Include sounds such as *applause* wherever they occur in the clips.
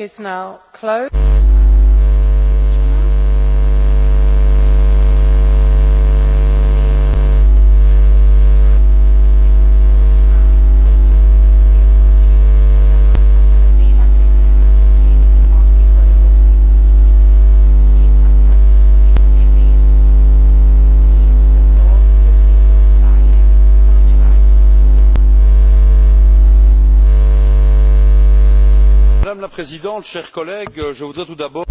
is now closed. la présidente chers collègues je voudrais tout d'abord.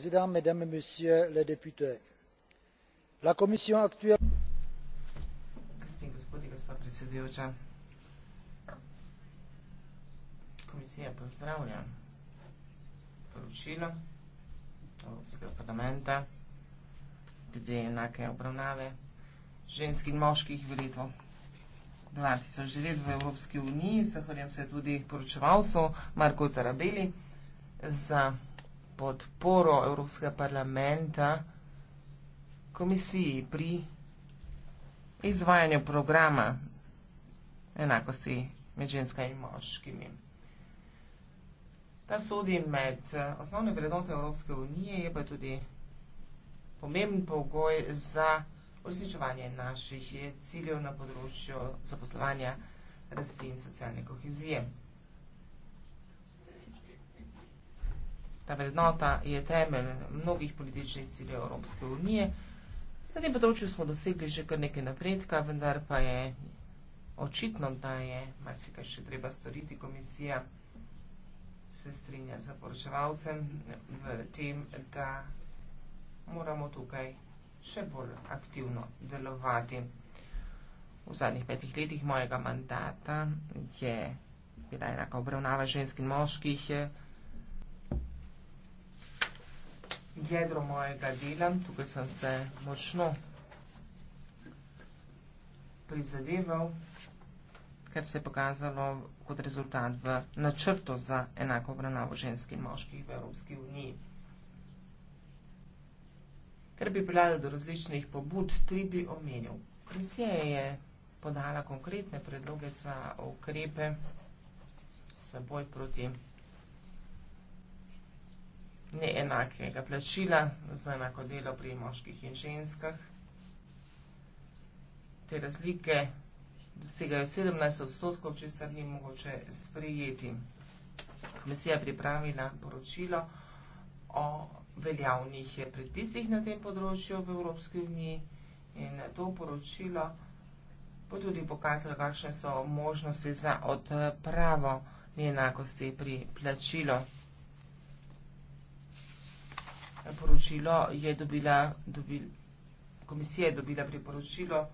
président mesdames et messieurs les députés la commission actuelle Komisija pozdravlja poročilo Evropskega parlamenta, glede enake obravnave žensk in moških v letu 2009 v Evropski uniji. Zahvaljujem se tudi poročevalcu Marko Tarabeli za podporo Evropskega parlamenta komisiji pri izvajanju programa enakosti med ženskami in moškimi. Ta sodi med eh, osnovne vrednote Evropske unije, je pa tudi pomemben pogoj za uresničevanje naših ciljev na področju zaposlovanja, rasti in socialne kohezije. Ta vrednota je temelj mnogih političnih ciljev Evropske unije. Na tem področju smo dosegli že kar nekaj napredka, vendar pa je očitno, da je marsikaj še treba storiti. Komisija se strinja z poročevalcem v tem, da moramo tukaj še bolj aktivno delovati. V zadnjih petih letih mojega mandata je bila enaka obravnava ženskih in moških. Je, jedro mojega dela, tukaj sem se močno prizadeval, kar se je pokazalo kot rezultat v načrtu za enako obravnavo ženski in moških v Evropski uniji. Ker bi bila do različnih pobud, tri bi omenil. Komisija je podala konkretne predloge za ukrepe, za boj proti neenakega plačila za enako delo pri moških in ženskah. Te razlike dosegajo 17 odstotkov, če se ni mogoče sprejeti. Komisija je pripravila poročilo o veljavnih predpisih na tem področju v Evropski uniji in to poročilo bo tudi pokazalo, kakšne so možnosti za odpravo neenakosti pri plačilu poročilo je dobila, dobil, komisija je dobila priporočilo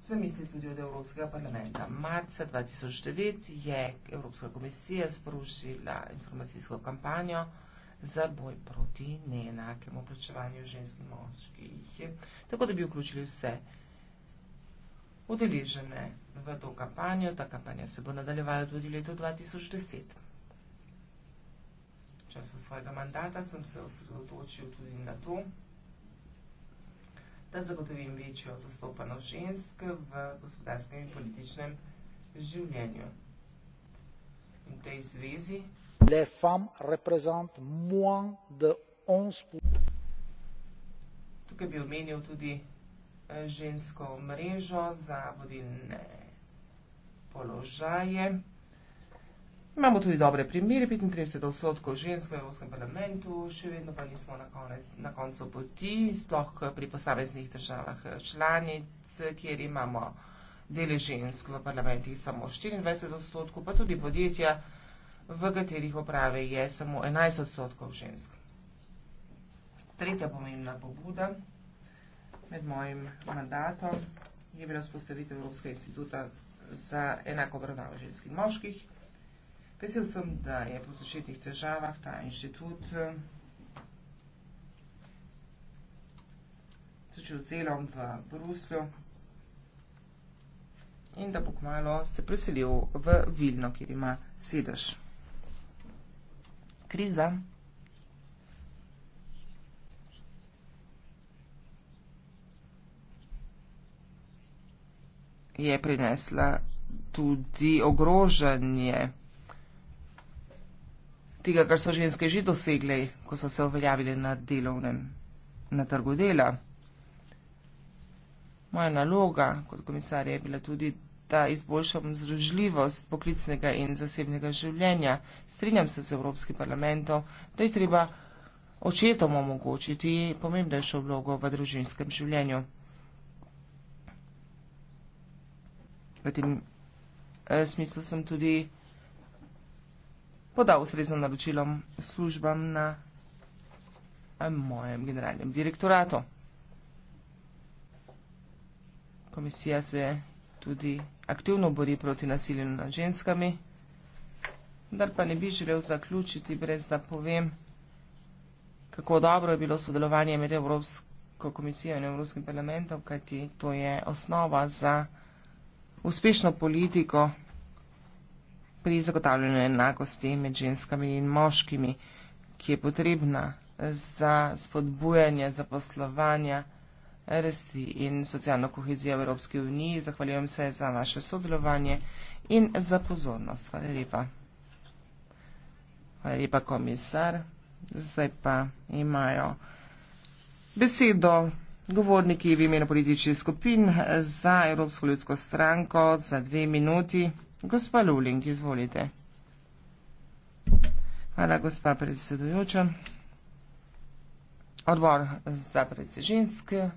za misli tudi od Evropskega parlamenta. Marca 2009 je Evropska komisija sporočila informacijsko kampanjo za boj proti neenakemu plačevanju žensk in moških, tako da bi vključili vse udeležene v to kampanjo. Ta kampanja se bo nadaljevala tudi leto 2010 času svojega mandata sem se osredotočil tudi na to, da zagotovim večjo zastopanost žensk v gospodarskem in političnem življenju. In v tej zvezi Le moins de 11... tukaj bi omenil tudi eh, žensko mrežo za vodilne položaje. Imamo tudi dobre primere, 35 odstotkov žensk v Evropskem parlamentu, še vedno pa nismo na, konec, na koncu poti, sploh pri posameznih državah eh, članic, kjer imamo dele žensk v parlamentih samo 24 odstotkov, pa tudi podjetja, v katerih uprave je samo 11 odstotkov žensk. Tretja pomembna pobuda med mojim mandatom je bila spostavitev Evropskega instituta za enako obravnavo ženskih in moških. Mislil sem, da je po začetih težavah ta inštitut eh, začel z delom v Bruslju in da bo kmalo se preselil v Vilno, kjer ima sedež. Kriza. je prinesla tudi ogrožanje tega, kar so ženske že dosegle, ko so se uveljavile na delovnem, na trgu dela. Moja naloga kot komisarja je bila tudi, da izboljšam združljivost poklicnega in zasebnega življenja. Strinjam se z Evropskim parlamentom, da je treba očetom omogočiti pomembnejšo vlogo v družinskem življenju. V tem eh, smislu sem tudi podal ustrezno naročilom službam na eh, mojem generalnem direktoratu. Komisija se tudi aktivno bori proti nasilju nad ženskami, dar pa ne bi želel zaključiti, brez da povem, kako dobro je bilo sodelovanje med Evropsko komisijo in Evropskim parlamentom, kajti to je osnova za uspešno politiko pri zagotavljanju enakosti med ženskami in moškimi, ki je potrebna za spodbujanje zaposlovanja, rasti in socialno kohezijo v Evropski uniji. Zahvaljujem se za vaše sodelovanje in za pozornost. Hvala lepa. Hvala lepa, komisar. Zdaj pa imajo besedo govorniki v imenu političnih skupin za Evropsko ljudsko stranko za dve minuti. Gospa Luling, izvolite. Hvala, gospa predsedujoča. Odbor za predsežinske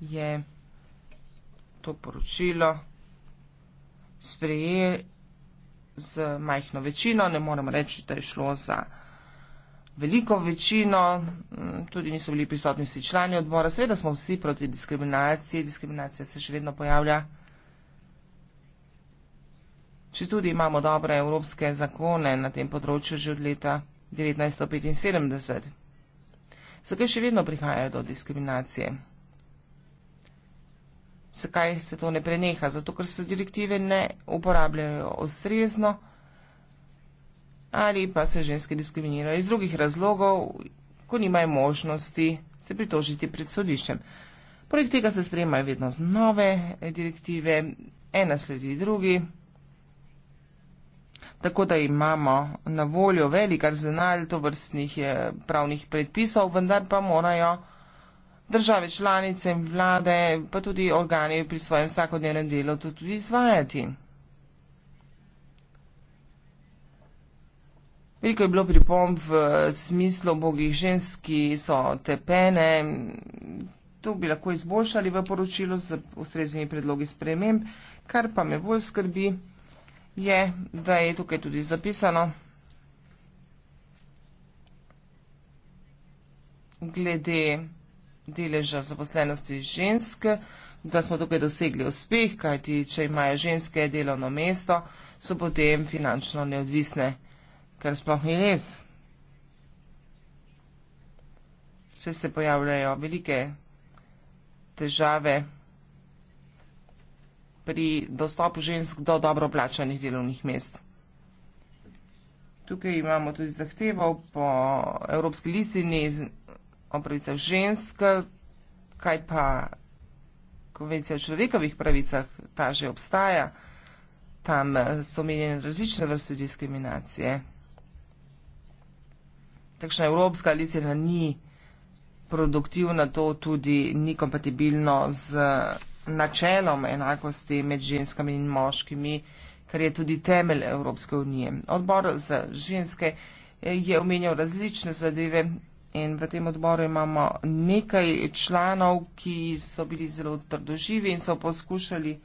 je to poročilo sprejel z majhno večino. Ne moram reči, da je šlo za veliko večino. Tudi niso bili prisotni vsi člani odbora. Seveda smo vsi proti diskriminaciji. Diskriminacija se še vedno pojavlja. Če tudi imamo dobre evropske zakone na tem področju že od leta 1975, zakaj še vedno prihajajo do diskriminacije? Zakaj se to ne preneha? Zato, ker se direktive ne uporabljajo ustrezno ali pa se ženske diskriminirajo iz drugih razlogov, ko nimajo možnosti se pritožiti pred sodiščem. Poleg tega se sprejemajo vedno nove direktive, ena sledi drugi tako da imamo na voljo velik arzenal to vrstnih eh, pravnih predpisov, vendar pa morajo države članice in vlade, pa tudi organi pri svojem vsakodnevnem delu to tudi izvajati. Veliko je bilo pripomb v smislu bogih ženski so tepene, to bi lahko izboljšali v poročilu z ustreznimi predlogi sprememb, kar pa me bolj skrbi je, da je tukaj tudi zapisano glede deleža zaposlenosti ženske, da smo tukaj dosegli uspeh, kajti če imajo ženske delovno mesto, so potem finančno neodvisne, kar sploh ni res. Vse se pojavljajo velike težave pri dostopu žensk do dobro plačanih delovnih mest. Tukaj imamo tudi zahtevo po Evropski listini o pravicah žensk, kaj pa konvencija o človekovih pravicah, ta že obstaja. Tam eh, so omenjene različne vrste diskriminacije. Takšna Evropska listina ni produktivna, to tudi ni kompatibilno z načelom enakosti med ženskami in moškimi, kar je tudi temelj Evropske unije. Odbor za ženske eh, je omenjal različne zadeve in v tem odboru imamo nekaj članov, ki so bili zelo trdoživi in so poskušali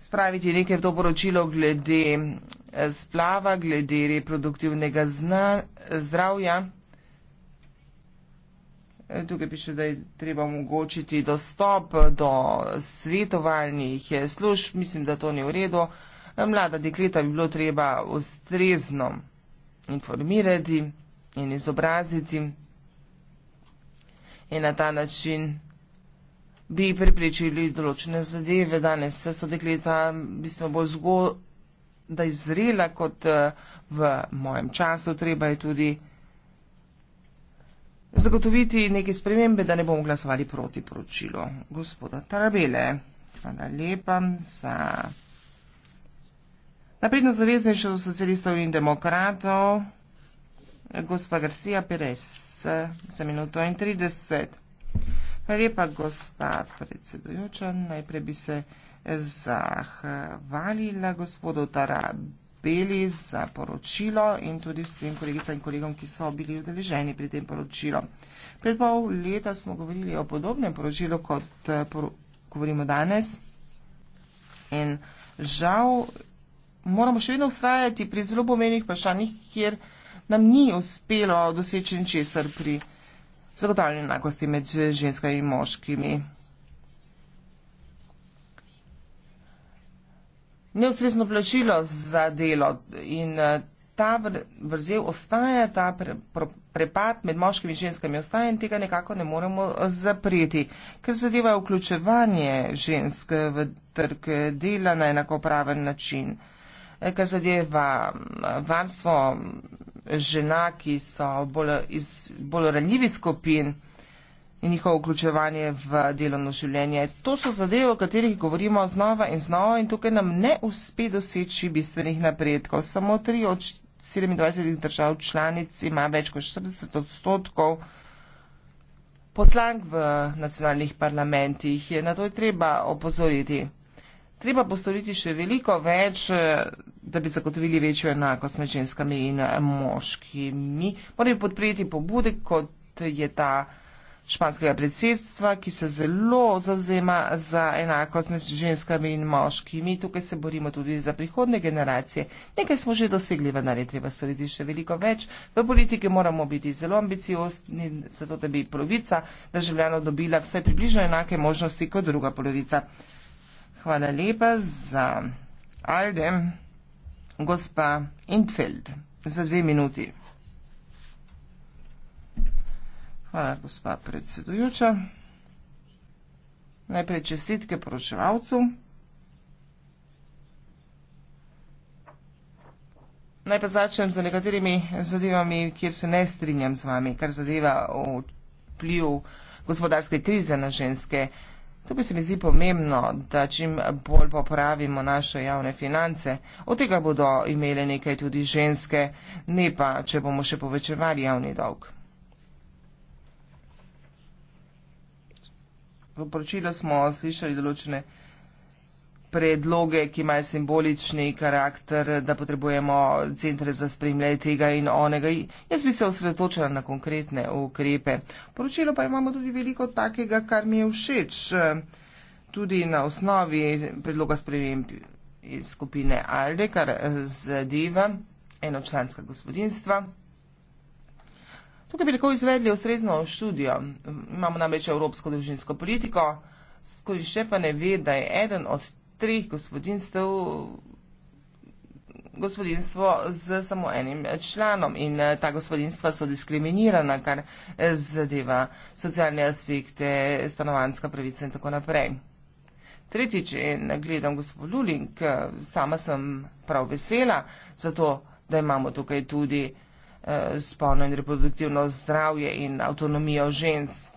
spraviti nekaj doporočilo glede eh, splava, glede reproduktivnega zna, zdravja. Tukaj piše, da je treba omogočiti dostop do svetovalnih eh, služb. Mislim, da to ni v redu. Mlada dekleta bi bilo treba ustrezno informirati in izobraziti in na ta način bi pripričili določene zadeve. Danes so dekleta bistveno bolj zgodaj zrela kot eh, v mojem času. Treba je tudi zagotoviti neke spremembe, da ne bomo glasovali proti poročilu gospoda Tarabele. Hvala lepa za. Napredno zaveznejšo za socialistov in demokratov, gospa Garcia Perez, za minuto in 30. Hvala lepa, gospa predsedujoča. Najprej bi se zahvalila gospodu Tarabele uspeli za poročilo in tudi vsem kolegicam in kolegom, ki so bili udeleženi pri tem poročilu. Pred pol leta smo govorili o podobnem poročilu, kot eh, poro govorimo danes. In žal moramo še vedno ustrajati pri zelo pomenih vprašanjih, kjer nam ni uspelo doseči česar pri zagotavljanju enakosti med eh, ženskami in moškimi. neustrezno plačilo za delo in eh, ta vrzel ostaja, ta pre, pre, prepad med moškimi in ženskami ostaja in tega nekako ne moremo eh, zapreti. Ker zadeva vključevanje žensk eh, v trg dela na enakopraven način, ker zadeva mm, varstvo mm, žena, ki so bolj, bolj ranjivi skupin, in njihovo vključevanje v delovno življenje. To so zadeve, o katerih govorimo znova in znova in tukaj nam ne uspe doseči bistvenih napredkov. Samo tri od 27 držav članic ima več kot 40 odstotkov poslank v nacionalnih parlamentih. Na to je treba opozoriti. Treba postoriti še veliko več, da bi zagotovili večjo enakost med ženskami in moškimi. Moramo podpreti pobude, kot je ta španskega predsedstva, ki se zelo zavzema za enakost med ženskami in moškimi. Tukaj se borimo tudi za prihodne generacije. Nekaj smo že dosegli, vendar je treba storiti še veliko več. V politiki moramo biti zelo ambiciozni, zato da bi polovica državljanov dobila vsaj približno enake možnosti kot druga polovica. Hvala lepa za Aldem, gospa Intfeld, za dve minuti. Hvala, gospa predsedujoča. Najprej čestitke poročevalcu. Naj pa začnem z nekaterimi zadevami, kjer se ne strinjam z vami, kar zadeva vpliv gospodarske krize na ženske. Tukaj se mi zdi pomembno, da čim bolj popravimo naše javne finance. Od tega bodo imele nekaj tudi ženske, ne pa, če bomo še povečevali javni dolg. poročilu smo slišali določene predloge, ki imajo simbolični karakter, da potrebujemo centre za spremljanje tega in onega. Jaz bi se osredotočila na konkretne ukrepe. Poročilo pa imamo tudi veliko takega, kar mi je všeč, tudi na osnovi predloga sprememb iz skupine ALDE, kar zadeva enočlanska gospodinstva. Tukaj bi lahko izvedli ustrezno študijo. Imamo namreč evropsko družinsko politiko, skoraj še pa ne ve, da je eden od treh gospodinstv gospodinstvo z samo enim članom in eh, ta gospodinstva so diskriminirana, kar eh, zadeva socialne aspekte, stanovanska pravica in tako naprej. Tretjič, in gledam gospod Lulink, eh, sama sem prav vesela, zato da imamo tukaj tudi spolno in reproduktivno zdravje in avtonomijo žensk.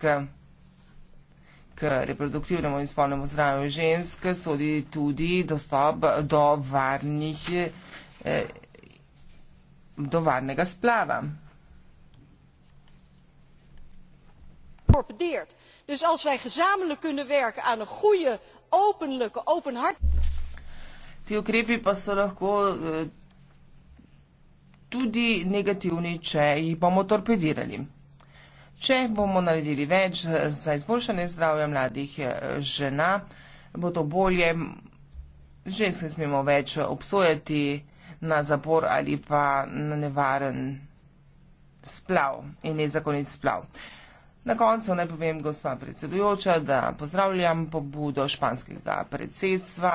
K reproduktivnemu in spolnemu zdravju žensk sodi tudi dostop do varnih, eh, do varnega splava. Dus als wij gezamenlijk kunnen werken aan een goede, openlijke, openhartige. Die ukrepen pas zo lahko uh, tudi negativni, če jih bomo torpedirali. Če bomo naredili več za izboljšanje zdravja mladih eh, žena, bo to bolje. Ženske smemo več obsojati na zapor ali pa na nevaren splav in nezakonit splav. Na koncu naj povem, gospa predsedujoča, da pozdravljam pobudo španskega predsedstva,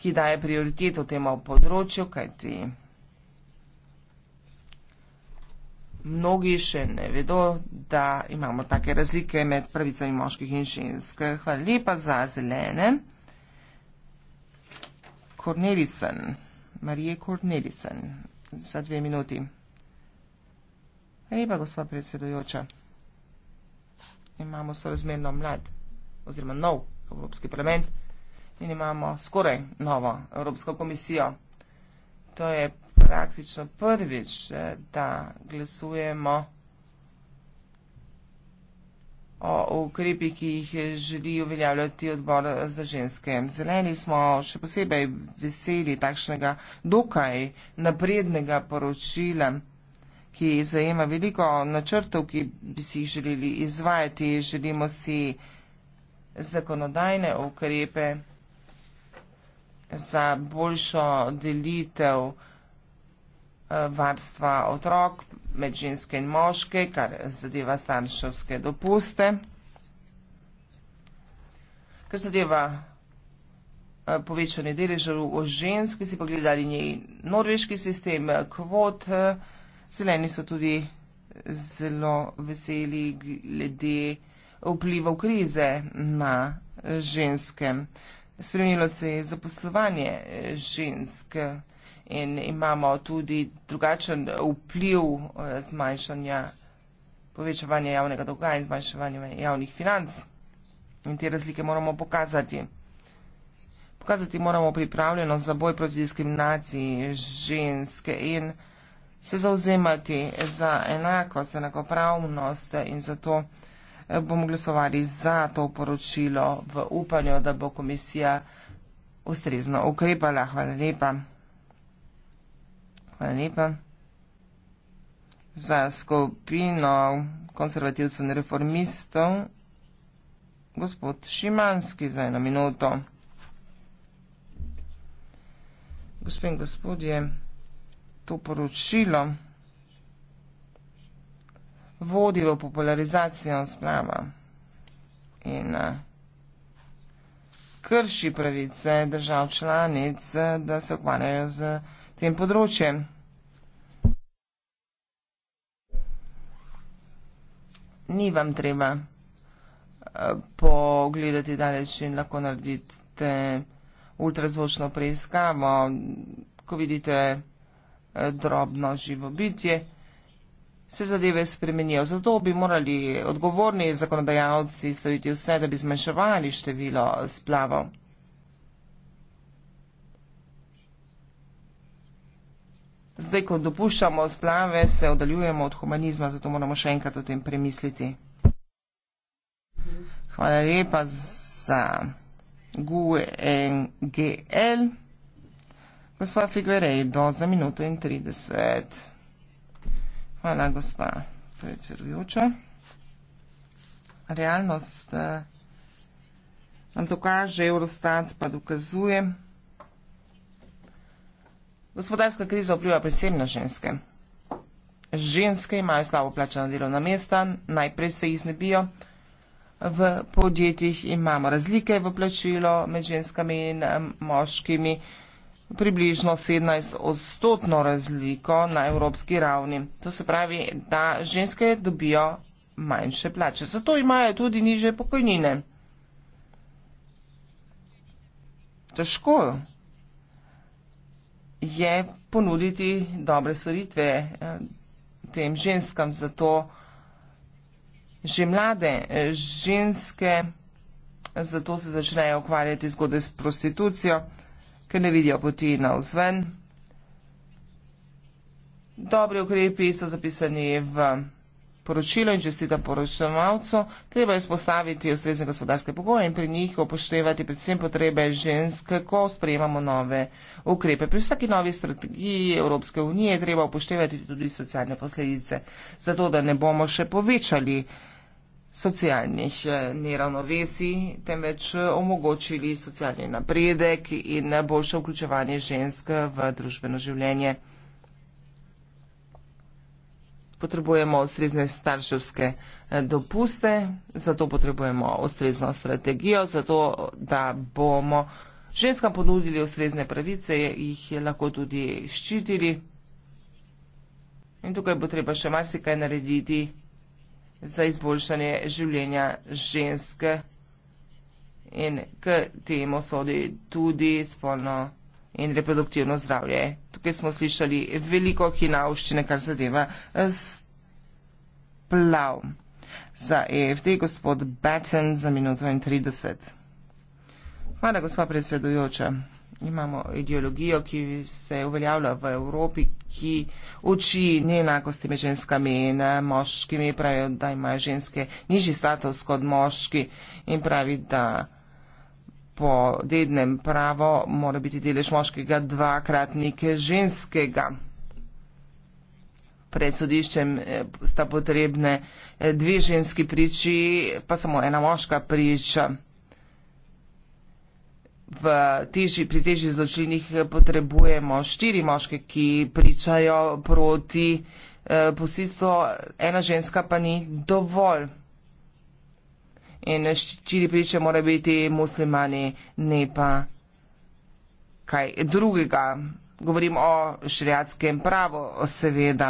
ki daje prioriteto temu področju, kajti. mnogi še ne vedo, da imamo take razlike med pravicami moških in žensk. Hvala lepa za zelene. Kornelisen, Marije Kornelisen, za dve minuti. Hvala lepa, gospod predsedujoča. Imamo sorazmerno mlad oziroma nov Evropski parlament in imamo skoraj novo Evropsko komisijo. To je praktično prvič, eh, da glasujemo o ukrepih, ki jih želi uveljavljati odbor za ženske. Zeleni smo še posebej veseli takšnega dokaj naprednega poročila ki zajema veliko načrtov, ki bi si jih želeli izvajati. Želimo si zakonodajne ukrepe za boljšo delitev varstva otrok med ženske in moške, kar zadeva starševske dopuste. Kar zadeva eh, povečanje deležev o ženski, si pogledali njej norveški sistem eh, kvot, eh, zeleni so tudi zelo veseli glede vplivov krize na ženske. Spremenilo se je zaposlovanje ženske in imamo tudi drugačen vpliv eh, zmanjšanja, povečevanja javnega dolga in zmanjševanja javnih financ. In te razlike moramo pokazati. Pokazati moramo pripravljenost za boj proti diskriminaciji ženske in se zauzemati za enakost, enakopravnost in zato eh, bomo glasovali za to poročilo v upanju, da bo komisija ustrezno ukrepala. Hvala lepa. Hvala lepa. Za skupino konservativcev in reformistov, gospod Šimanski za eno minuto. Gospod in gospodje, to poročilo vodi v popularizacijo sprava in eh, krši pravice držav članic, eh, da se ukvarjajo z tem področjem. Ni vam treba eh, pogledati daleč in lahko naredite ultrazvočno preiskavo, ko vidite eh, drobno živo bitje, se zadeve spremenijo. Zato bi morali odgovorni zakonodajalci storiti vse, da bi zmanjševali število splavov. zdaj, ko dopuščamo splave, se oddaljujemo od humanizma, zato moramo še enkrat o tem premisliti. Hvala lepa za GUNGL. Gospa Figueiredo, za minuto in 30. Hvala, gospa predsedujoča. Realnost eh, nam dokaže, Eurostat pa dokazuje. Gospodarska kriza vpliva predvsem na ženske. Ženske imajo slabo plačena delovna mesta, najprej se jih znebijo. V podjetjih imamo razlike v plačilo med ženskami in moškimi, približno 17 odstotno razliko na evropski ravni. To se pravi, da ženske dobijo manjše plače. Zato imajo tudi niže pokojnine. Težko je je ponuditi dobre storitve eh, tem ženskam. Zato že mlade eh, ženske zato se začnejo ukvarjati zgodaj s prostitucijo, ker ne vidijo poti na vzven. Dobri ukrepi so zapisani v poročilo in čestita poročevalcu. Treba je spostaviti ustrezne gospodarske pogoje in pri njih upoštevati predvsem potrebe žensk, ko sprejemamo nove ukrepe. Pri vsaki novi strategiji Evropske unije je treba upoštevati tudi socialne posledice, zato da ne bomo še povečali socialnih eh, neravnovesij, temveč eh, omogočili socialni napredek in boljše vključevanje žensk v družbeno življenje potrebujemo ustrezne starševske eh, dopuste, zato potrebujemo ustrezno strategijo, zato da bomo ženskam ponudili ustrezne pravice, jih je lahko tudi ščitili. In tukaj bo treba še marsikaj narediti za izboljšanje življenja ženske. In k temu sodi tudi spolno in reproduktivno zdravje. Tukaj smo slišali veliko hinavščine, kar zadeva eh, splav. Za EFD gospod Batten za minuto in 30. Hvala, gospod predsedujoča. Imamo ideologijo, ki se uveljavlja v Evropi, ki uči neenakosti med ženskami in eh, moškimi. Pravijo, da imajo ženske nižji status kot moški in pravi, da po dednem pravo mora biti delež moškega dvakratnik ženskega. Pred sodiščem eh, sta potrebne eh, dve ženski priči, pa samo ena moška priča. V teži, pri težjih zločinih eh, potrebujemo štiri moške, ki pričajo proti posilstvu, ena ženska pa ni dovolj in ščiri priče mora biti muslimani, ne pa kaj drugega. Govorim o šriatskem pravu, seveda.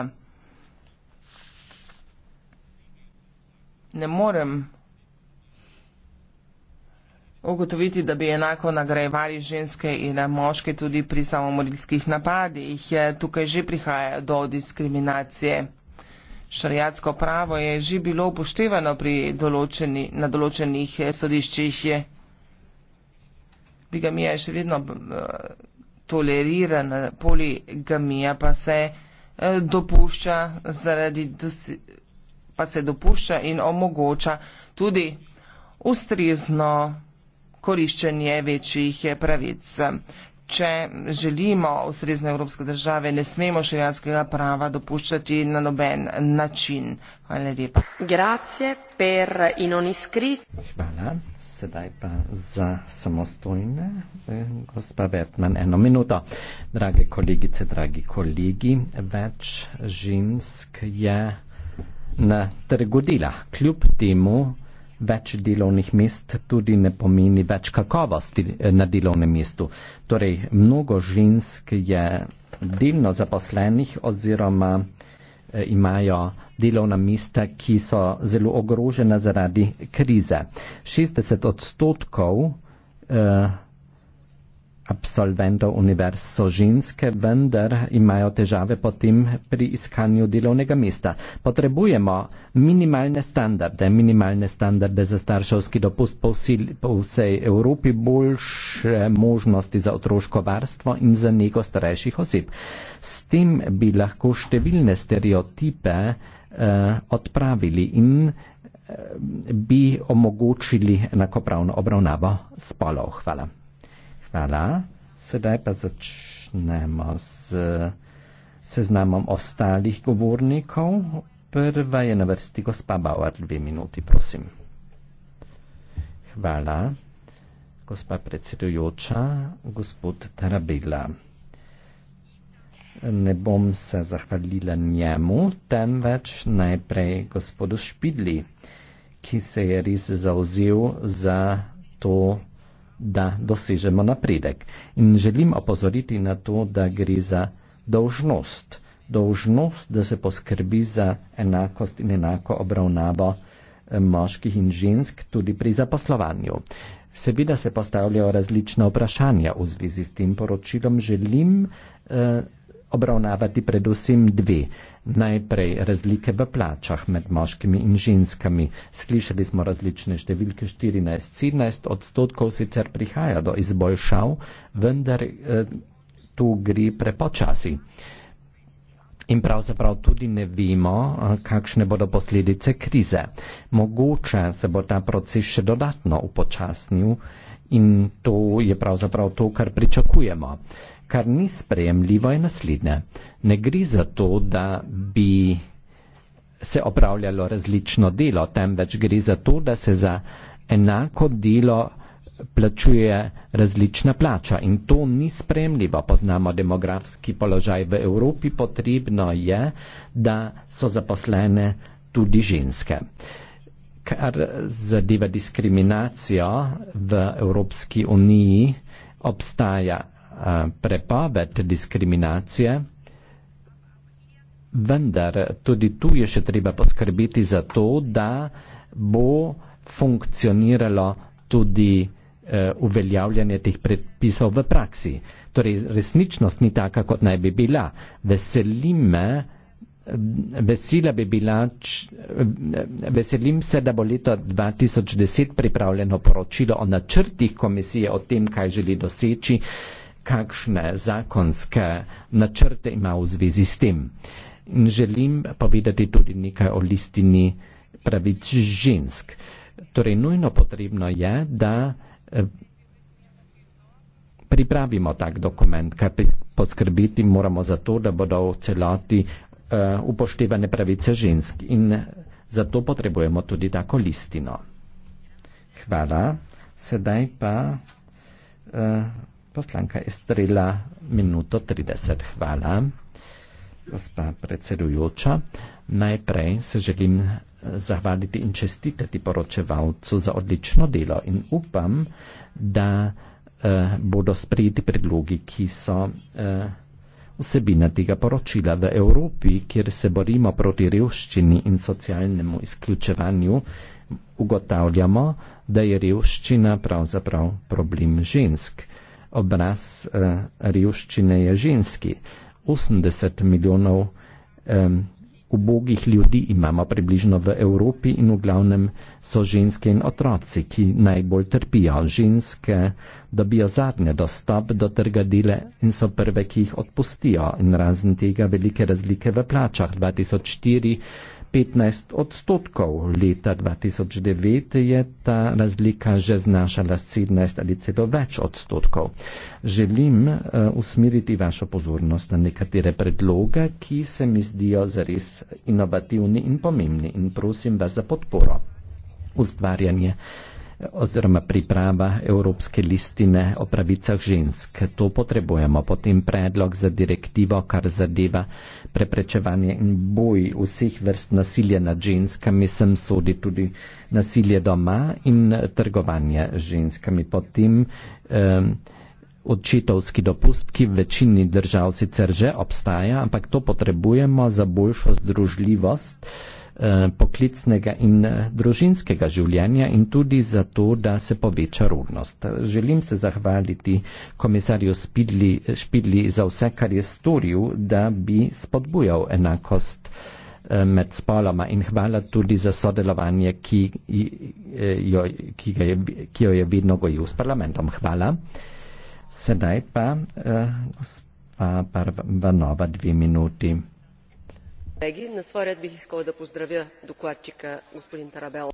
Ne morem ugotoviti, da bi enako nagrajevali ženske in moške tudi pri samomorilskih napadih. Tukaj že prihaja do diskriminacije. Šariatsko pravo je že bilo upoštevano pri določeni, na določenih eh, sodiščih. Bigamija je še vedno eh, tolerirana, poligamija pa se eh, dopušča zaradi dosi, pa se dopušča in omogoča tudi ustrezno koriščenje večjih pravic če želimo ustrezne evropske države, ne smemo šeljanskega prava dopuščati na noben način. Hvala lepa. Grazie per inoniskrit. Hvala. Sedaj pa za samostojne. Eh, gospa Bertman, eno minuto. Drage kolegice, dragi kolegi, več žensk je na trgodila. Kljub temu, več delovnih mest tudi ne pomeni več kakovosti eh, na delovnem mestu. Torej, mnogo žensk je delno zaposlenih oziroma eh, imajo delovna mesta, ki so zelo ogrožena zaradi krize. 60 odstotkov eh, absolventov univerz so ženske, vendar imajo težave potem pri iskanju delovnega mesta. Potrebujemo minimalne standarde, minimalne standarde za starševski dopust po, vsi, po vsej Evropi, boljše možnosti za otroško varstvo in za nego starejših oseb. S tem bi lahko številne stereotipe eh, odpravili in eh, bi omogočili enakopravno obravnavo spolov. Hvala. Hvala. Sedaj pa začnemo s seznamom ostalih govornikov. Prva je na vrsti gospa Bauer, dve minuti, prosim. Hvala. Gospa predsedujoča, gospod Tarabila. Ne bom se zahvalila njemu, temveč najprej gospodu Špidli, ki se je res zauzel za to da dosežemo napredek. In želim opozoriti na to, da gre za dolžnost. Dolžnost, da se poskrbi za enakost in enako obravnavo eh, moških in žensk tudi pri zaposlovanju. Seveda se postavljajo različna vprašanja v zvezi s tem poročilom. Želim eh, obravnavati predvsem dve. Najprej razlike v plačah med moškimi in ženskami. Slišali smo različne številke 14-17 odstotkov, sicer prihaja do izboljšav, vendar eh, tu gre prepočasi. In pravzaprav tudi ne vemo, eh, kakšne bodo posledice krize. Mogoče se bo ta proces še dodatno upočasnil in to je pravzaprav to, kar pričakujemo kar ni sprejemljivo, je naslednje. Ne gre za to, da bi se opravljalo različno delo, temveč gre za to, da se za enako delo plačuje različna plača in to ni spremljivo. Poznamo demografski položaj v Evropi, potrebno je, da so zaposlene tudi ženske. Kar zadeva diskriminacijo v Evropski uniji, obstaja prepoved diskriminacije, vendar tudi tu je še treba poskrbeti za to, da bo funkcioniralo tudi e, uveljavljanje teh predpisov v praksi. Torej, resničnost ni taka, kot naj bi bila. Veselim me, vesela bi bila, če, veselim se, da bo leto 2010 pripravljeno poročilo o načrtih komisije, o tem, kaj želi doseči, kakšne zakonske načrte ima v zvezi s tem. In želim povedati tudi nekaj o listini pravic žensk. Torej, nujno potrebno je, da eh, pripravimo tak dokument, kaj poskrbiti moramo za to, da bodo v celoti eh, upoštevane pravice žensk. In zato potrebujemo tudi tako listino. Hvala. Sedaj pa. Eh, poslanka Estrela, minuto 30. Hvala, gospa predsedujoča. Najprej se želim eh, zahvaliti in čestitati poročevalcu za odlično delo in upam, da eh, bodo sprejeti predlogi, ki so eh, vsebina tega poročila v Evropi, kjer se borimo proti revščini in socialnemu izključevanju, ugotavljamo, da je revščina pravzaprav problem žensk. Eh, obraz eh, revščine je ženski. 80 milijonov eh, ubogih ljudi imamo približno v Evropi in v glavnem so ženske in otroci, ki najbolj trpijo. Ženske dobijo zadnje dostop do trga dele in so prve, ki jih odpustijo. In razen tega velike razlike v plačah 2004. 15 odstotkov. Leta 2009 je ta razlika že znašala 17 ali celo več odstotkov. Želim uh, usmeriti vašo pozornost na nekatere predloge, ki se mi zdijo zares inovativni in pomembni in prosim vas za podporo. Ustvarjanje oziroma priprava Evropske listine o pravicah žensk. To potrebujemo. Potem predlog za direktivo, kar zadeva preprečevanje in boj vseh vrst nasilja nad ženskami, sem sodi tudi nasilje doma in trgovanje z ženskami. Potem um, očetovski dopust, ki v večini držav sicer že obstaja, ampak to potrebujemo za boljšo združljivost. Uh, Eh, poklicnega in eh, družinskega življenja in tudi zato, da se poveča rodnost. Želim se zahvaliti komisarju Spidli, Špidli za vse, kar je storil, da bi spodbujal enakost eh, med spoloma in hvala tudi za sodelovanje, ki, jo, ki, ga je, ki jo je vedno gojil s parlamentom. Hvala. Sedaj pa, gospa Barvanova, dve minuti. Коллеги, на свой ряд бих искала да поздравя докладчика господин Тарабел.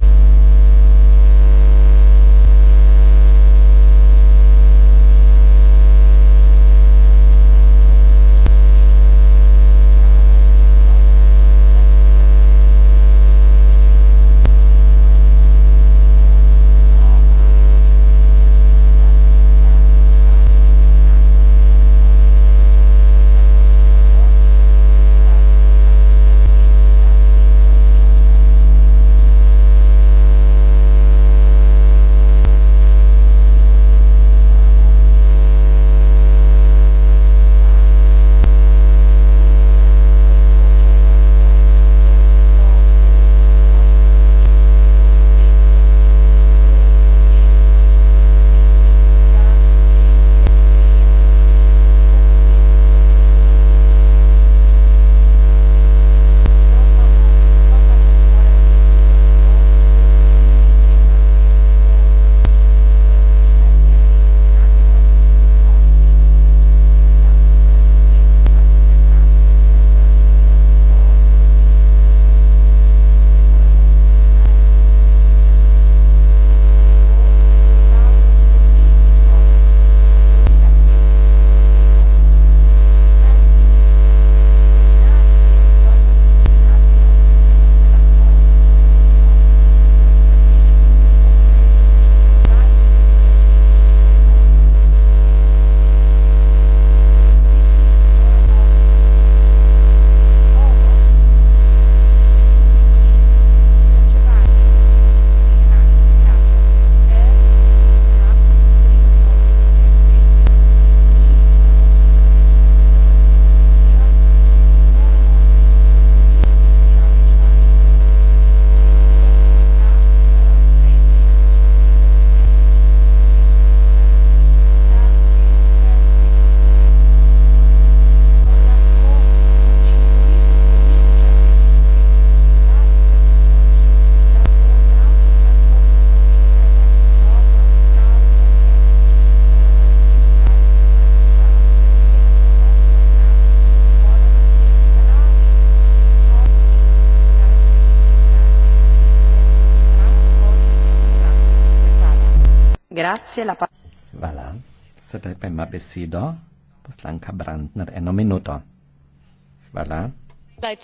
la pa. Hvala. Sedaj pa ima besedo poslanka Brandner eno minuto. Hvala. Hvala.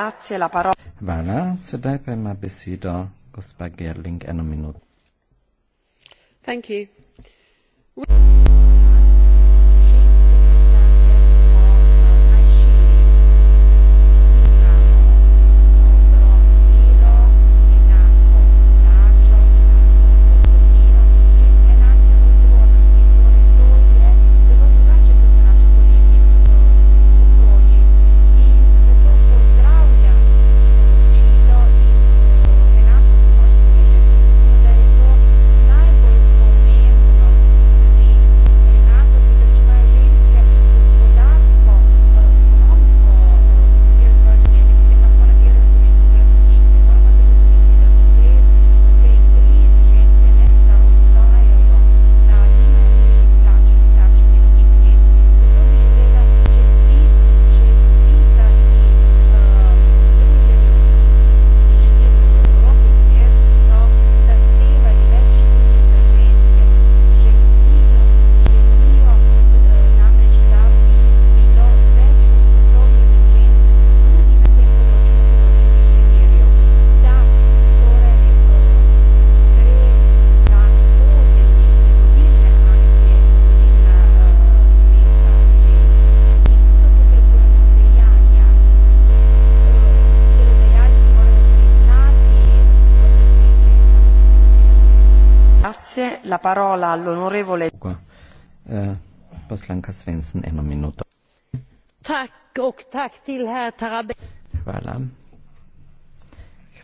Grazie, la parola. Voilà, sedaj pa ima besedo gospa Gerling eno minuto. Thank you. parola all'onorevole. Uh, Svensson, en minuto. Tack och tack till herr eh, Tarabelli. Hvala.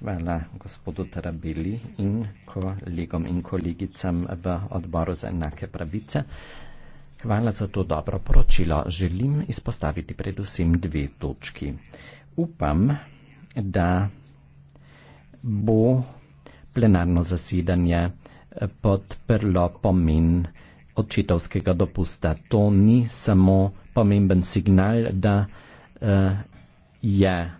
Hvala gospodu Tarabelli in kolegom in kolegicam v odboru za enake pravice. Hvala za to dobro poročilo. Želim izpostaviti predvsem dve točki. Upam, da bo plenarno zasedanje podprlo pomen očitovskega dopusta. To ni samo pomemben signal, da uh, je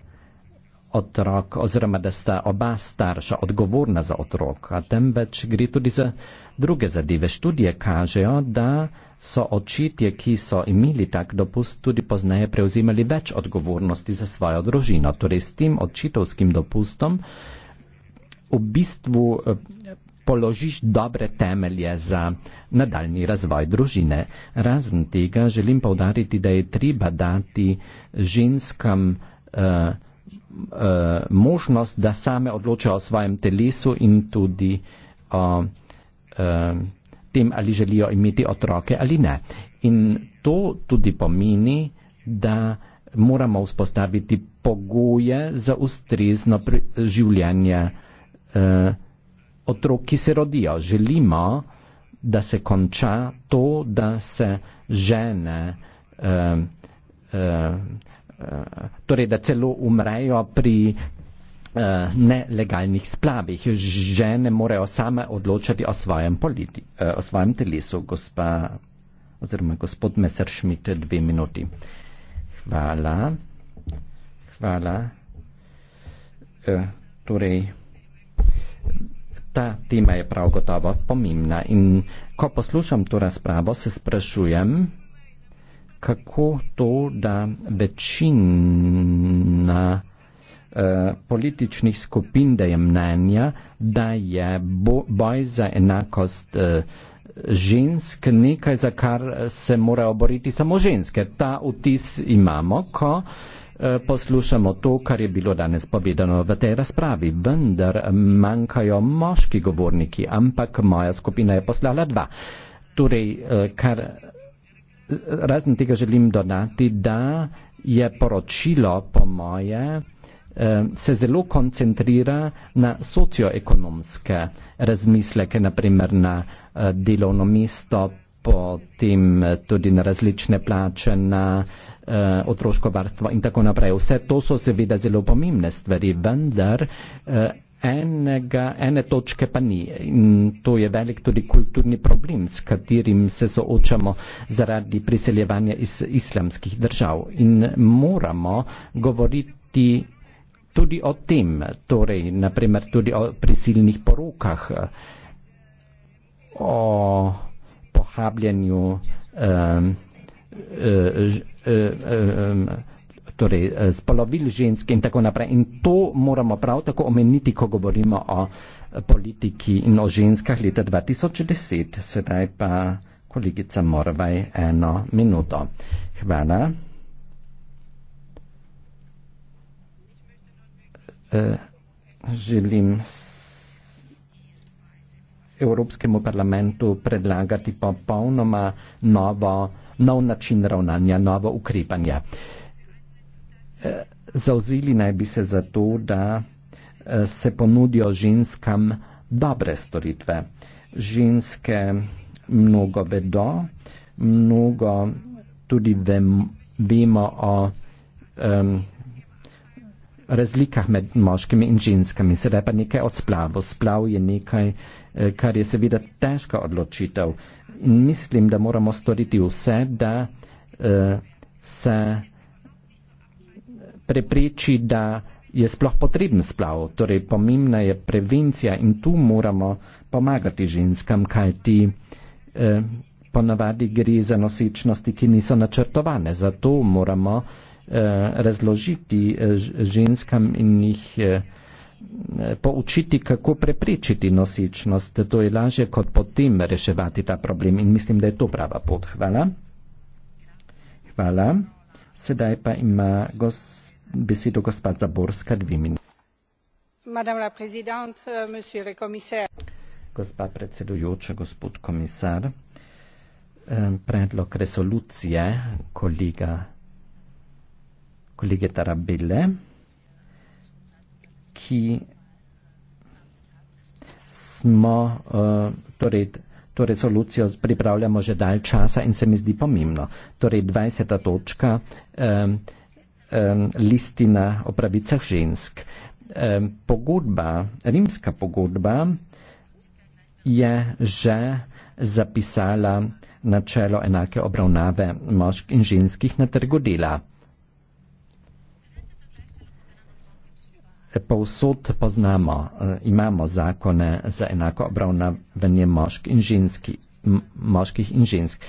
otrok oziroma da sta oba starša odgovorna za otroka, temveč gre tudi za druge zadeve. Študije kažejo, da so očitje, ki so imeli tak dopust, tudi poznaje prevzemali več odgovornosti za svojo družino. Torej s tem očitovskim dopustom v bistvu uh, položiš dobre temelje za nadaljni razvoj družine. Razen tega želim povdariti, da je treba dati ženskam uh, uh, možnost, da same odločajo o svojem telesu in tudi o uh, tem, ali želijo imeti otroke ali ne. In to tudi pomeni, da moramo vzpostaviti pogoje za ustrezno življenje. Uh, otrok, ki se rodijo. Želimo, da se konča to, da se žene, uh, uh, uh, torej da celo umrejo pri uh, nelegalnih splavih. Žene morejo same odločati o svojem, politi, uh, o svojem telesu, gospa oziroma gospod Messerschmidt, dve minuti. Hvala. Hvala. Uh, torej, ta tema je prav gotovo pomembna. In ko poslušam to razpravo, se sprašujem, kako to, da večina eh, političnih skupin, da je mnenja, da je boj za enakost eh, žensk nekaj, za kar se morajo boriti samo ženske. Ta vtis imamo, ko uh, Eh, poslušamo to, kar je bilo danes povedano v tej razpravi. Vendar manjkajo moški govorniki, ampak moja skupina je poslala dva. Torej, eh, kar razen tega želim dodati, da je poročilo po moje eh, se zelo koncentrira na socioekonomske razmisleke, naprimer na delovno mesto, potem tudi na različne plače, na uh, uh, otroško varstvo in tako naprej. Vse to so seveda zelo pomembne stvari, vendar uh, enega, ene točke pa ni. In to je velik tudi kulturni problem, s katerim se soočamo zaradi priseljevanja iz islamskih držav. In moramo govoriti tudi o tem, torej naprimer tudi o prisilnih porokah, o pohabljanju um, Eh, eh, torej, eh, spolovil ženske in tako naprej. In to moramo prav tako omeniti, ko govorimo o politiki in o ženskah leta 2010. Sedaj pa kolegica Morvaj eno minuto. Hvala. Želim Evropskemu parlamentu predlagati popolnoma novo nov način ravnanja, novo ukrepanje. Eh, zauzeli naj bi se za to, da eh, se ponudijo ženskam dobre storitve. Ženske mnogo vedo, mnogo tudi vem, vemo o um, razlikah med moškimi in ženskami. Sedaj pa nekaj o splavu. Splav je nekaj, eh, kar je seveda težka odločitev mislim, da moramo storiti vse, da uh, se prepriči, da je sploh potreben splav. Torej, pomembna je prevencija in tu moramo pomagati ženskam, kajti eh, ponavadi gre za nosečnosti, ki niso načrtovane. Zato moramo eh, razložiti eh, ženskam in jih. Eh, Eh, poučiti, kako preprečiti nosičnost. To je lažje kot potem reševati ta problem in mislim, da je to prava pot. Hvala. Hvala. Sedaj pa ima gos, besedo gospod Zaborska dve minuti. Madame la présidente, euh, monsieur le commissaire. Gospa predsedujoča, gospod komisar, eh, predlog resolucije kolega, kolege Tarabile ki smo, eh, torej, to resolucijo pripravljamo že dalj časa in se mi zdi pomembno. Torej, 20. točka, listina o pravicah žensk. Pogodba, rimska pogodba je že zapisala načelo enake obravnave mošk in ženskih na trgu dela. E pa vsod poznamo, e, imamo zakone za enako obravnavanje mošk in ženski, moških in žensk.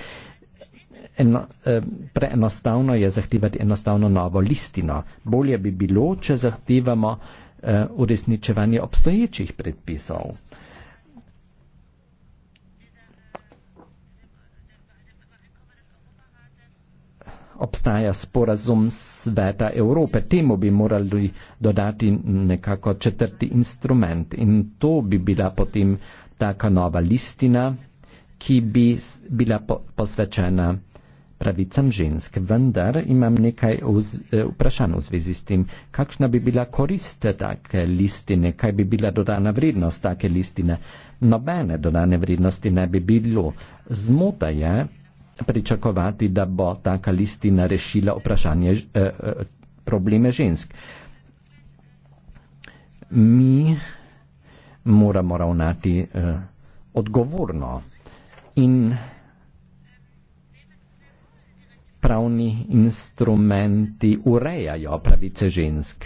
Eno, e, preenostavno je zahtevati enostavno novo listino. Bolje bi bilo, če zahtevamo uresničevanje obstoječih predpisov. obstaja sporazum sveta Evrope. Temu bi morali dodati nekako četrti instrument in to bi bila potem taka nova listina, ki bi bila po posvečena pravicam žensk. Vendar imam nekaj eh, vprašanj v zvezi s tem. Kakšna bi bila korist take listine? Kaj bi bila dodana vrednost take listine? Nobene dodane vrednosti ne bi bilo. Zmota je, pričakovati, da bo taka listina rešila vprašanje eh, eh, probleme žensk. Mi moramo ravnati eh, odgovorno in pravni instrumenti urejajo pravice žensk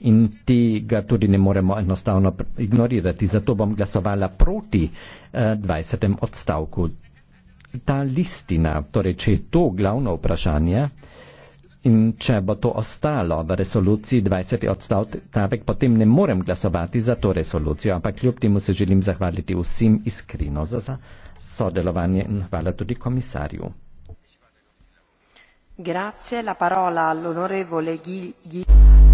in tega tudi ne moremo enostavno ignorirati. Zato bom glasovala proti eh, 20. odstavku ta listina, torej če je to glavno vprašanje in če bo to ostalo v resoluciji 20 odstavek, potem ne morem glasovati za to resolucijo, ampak kljub temu se želim zahvaliti vsem iskreno za, za sodelovanje in hvala tudi komisarju. Grazie, la parola all'onorevole Ghigli.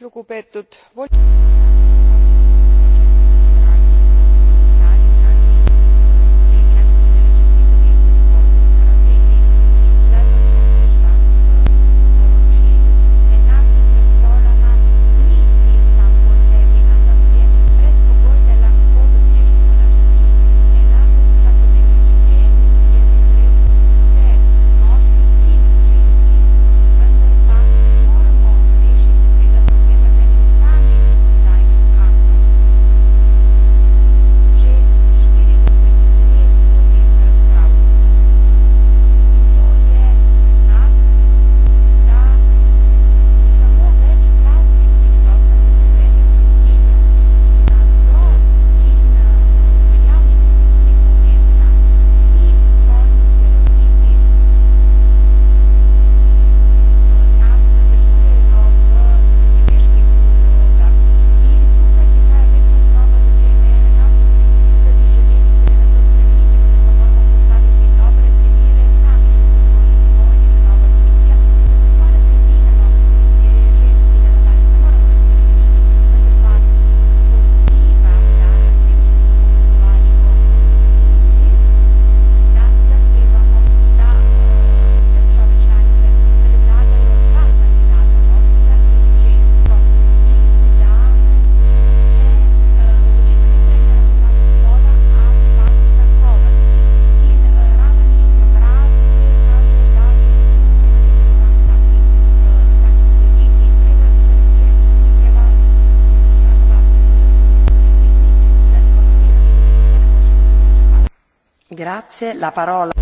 lugupeetud volinik! Grazie, la parola.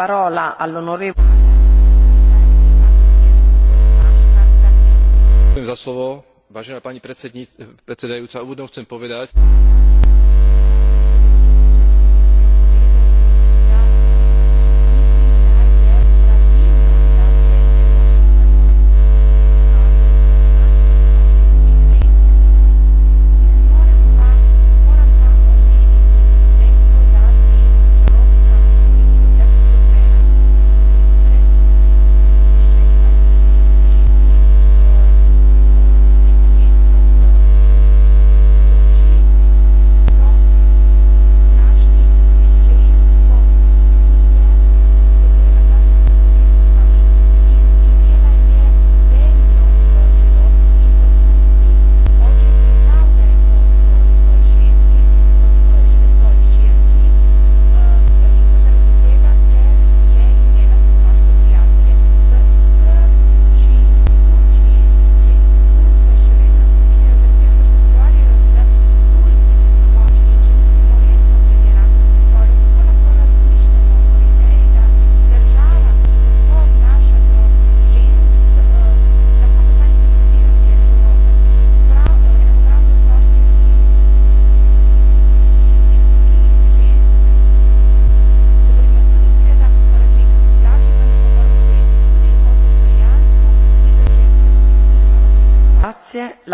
parola all'onorevole. Ďakujem za slovo. Vážená pani predsedajúca, úvodom chcem povedať,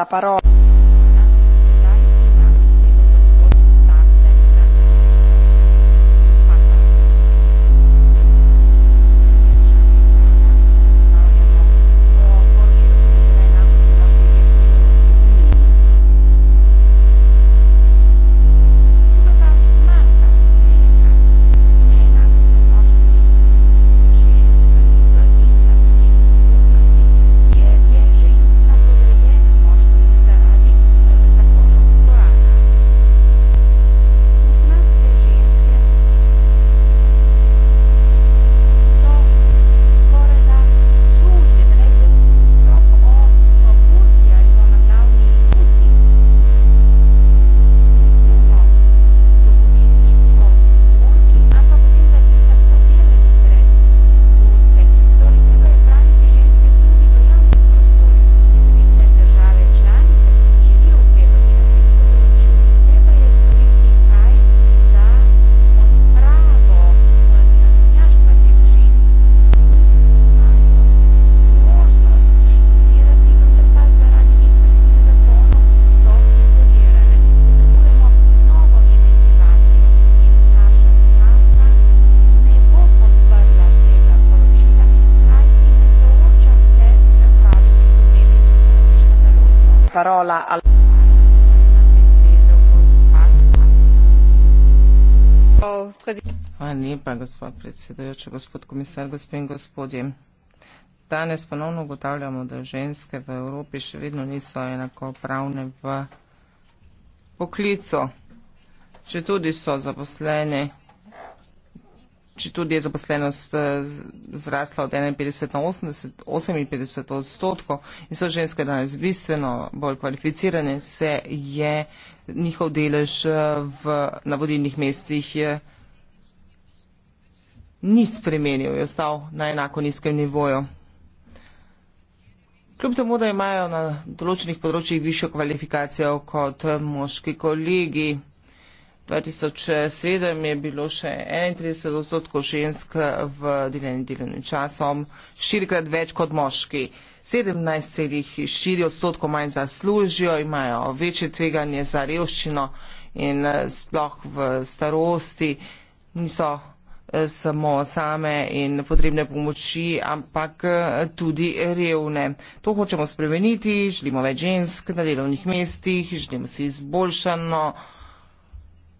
parola. lepa, gospod predsedujoči, gospod komisar, gospe in gospodje. Danes ponovno ugotavljamo, da ženske v Evropi še vedno niso enakopravne v poklicu. Če tudi so zaposlene, če tudi je zaposlenost eh, zrasla od 51 na 80, 58 odstotkov in so ženske danes bistveno bolj kvalificirane, se je njihov delež eh, v, na vodilnih mestih je eh, ni spremenil, je ostal na enako nizkem nivoju. Kljub temu, da imajo na določenih področjih višjo kvalifikacijo kot moški kolegi, 2007 je bilo še 31 odstotkov žensk v deljenim delovnim časom, štirikrat več kot moški. 17,4 odstotkov manj zaslužijo, imajo večje tveganje za revščino in sploh v starosti niso samo same in potrebne pomoči, ampak eh, tudi revne. To hočemo spremeniti, želimo več žensk na delovnih mestih, želimo si izboljšano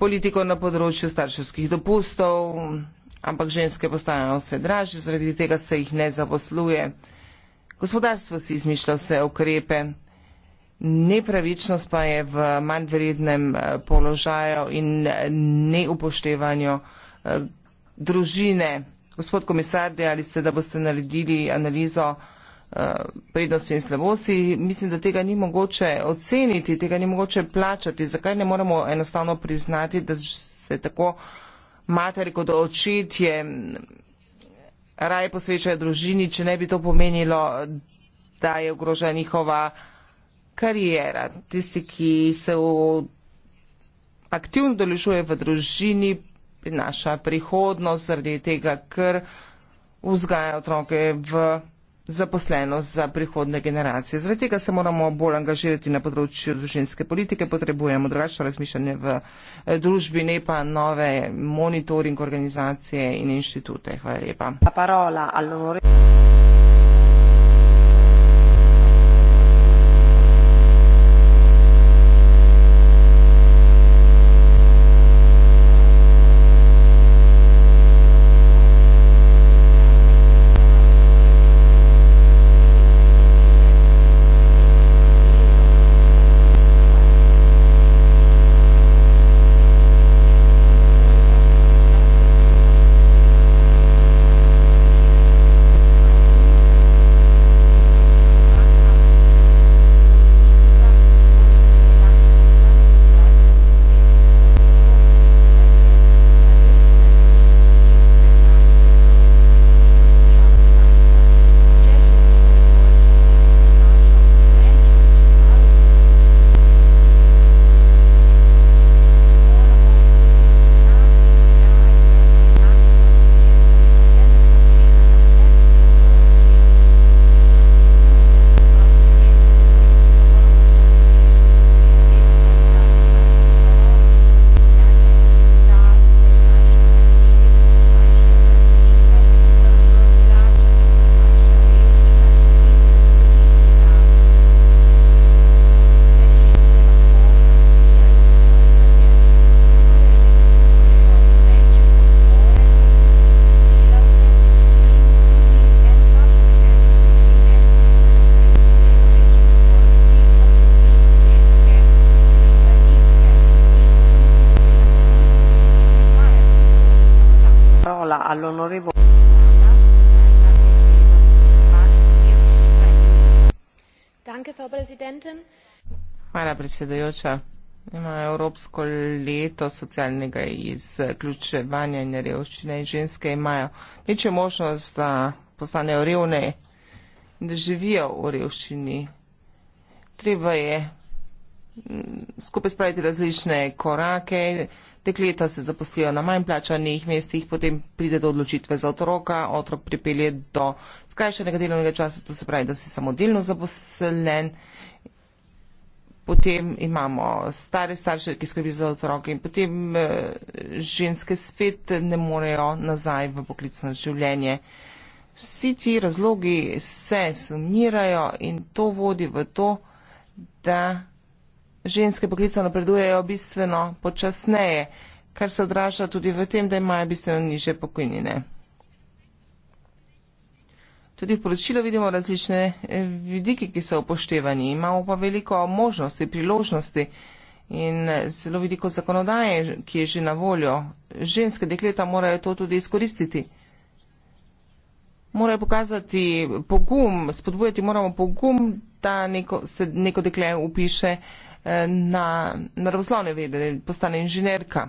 politiko na področju starševskih dopustov, ampak ženske postajajo vse dražje, zaradi tega se jih ne zaposluje. Gospodarstvo si izmišlja vse ukrepe. Nepravičnost pa je v manj vrednem eh, položaju in eh, neupoštevanju družine. Gospod komisar, dejali ste, da boste naredili analizo eh, prednosti in slabosti. Mislim, da tega ni mogoče oceniti, tega ni mogoče plačati. Zakaj ne moremo enostavno priznati, da se tako mater kot očetje raje posvečajo družini, če ne bi to pomenilo, da je ogrožena njihova karijera. Tisti, ki se aktivno dolišuje v družini, prinaša prihodnost zaradi tega, ker vzgaja otroke v zaposlenost za prihodne generacije. Zaradi tega se moramo bolj angažirati na področju družinske politike, potrebujemo drugačno razmišljanje v eh, družbi, ne pa nove monitoring organizacije in inštitute. Hvala lepa. Hvala predsedujoča. Ima Evropsko leto socialnega izključevanja in revščine in ženske imajo večjo možnost, da postanejo revne in da živijo v revščini. Treba je mm, skupaj spraviti različne korake. Dekleta se zaposlijo na manj plačanih mestih, potem pride do odločitve za otroka, otrok pripelje do skrajšanega delovnega časa, to se pravi, da si samodelno zaposlen potem imamo stare starše, ki skrbijo za otroke in potem eh, ženske spet ne morejo nazaj v poklicno življenje. Vsi ti razlogi se sumirajo in to vodi v to, da ženske poklice napredujejo bistveno počasneje, kar se odraža tudi v tem, da imajo bistveno niže pokojnine. Tudi v poročilu vidimo različne eh, vidike, ki so upoštevani. Imamo pa veliko možnosti, priložnosti in eh, zelo veliko zakonodaje, ki je že na voljo. Ženske dekleta morajo to tudi izkoristiti. Morajo pokazati pogum, spodbujati moramo pogum, da neko, se neko dekle upiše eh, na naravoslovne vede, postane inženirka.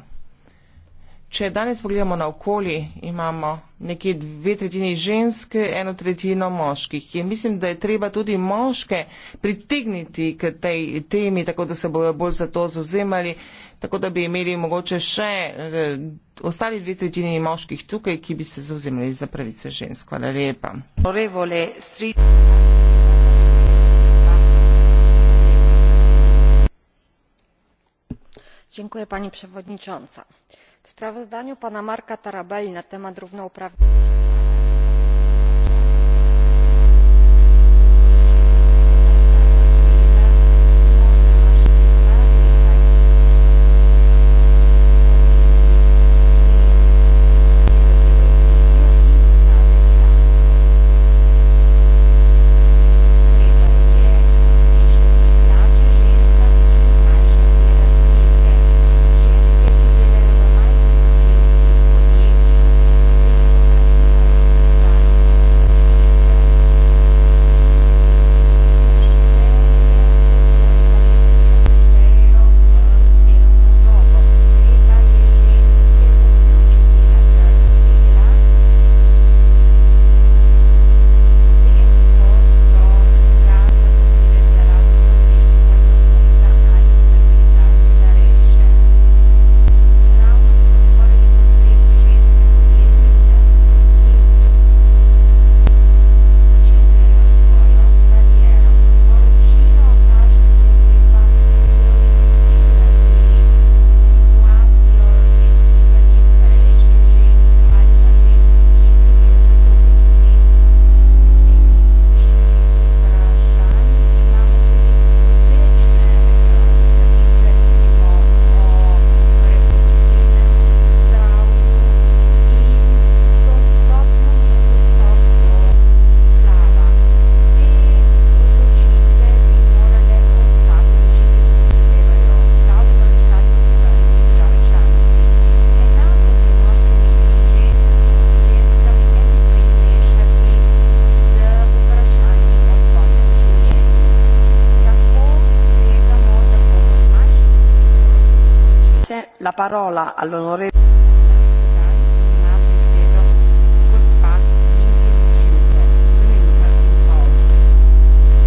Če danes pogledamo na okoli, imamo nekje dve tretjini ženske, eno tretjino moških. In mislim, da je treba tudi moške pritegniti k tej temi, tako da se bojo bolj za to zauzemali, tako da bi imeli mogoče še eh, ostali dve tretjini moških tukaj, ki bi se zauzemali za pravice žensk. Hvala lepa. Dziękuję Pani Przewodnicząca sprawozdaniu pana marca tarabelli na temat równouprawnienia.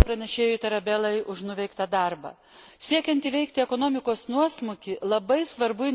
pranešėjui tarabelai už nuveiktą darbą siekiant įveikti ekonomikos nuosmukį labai svarbu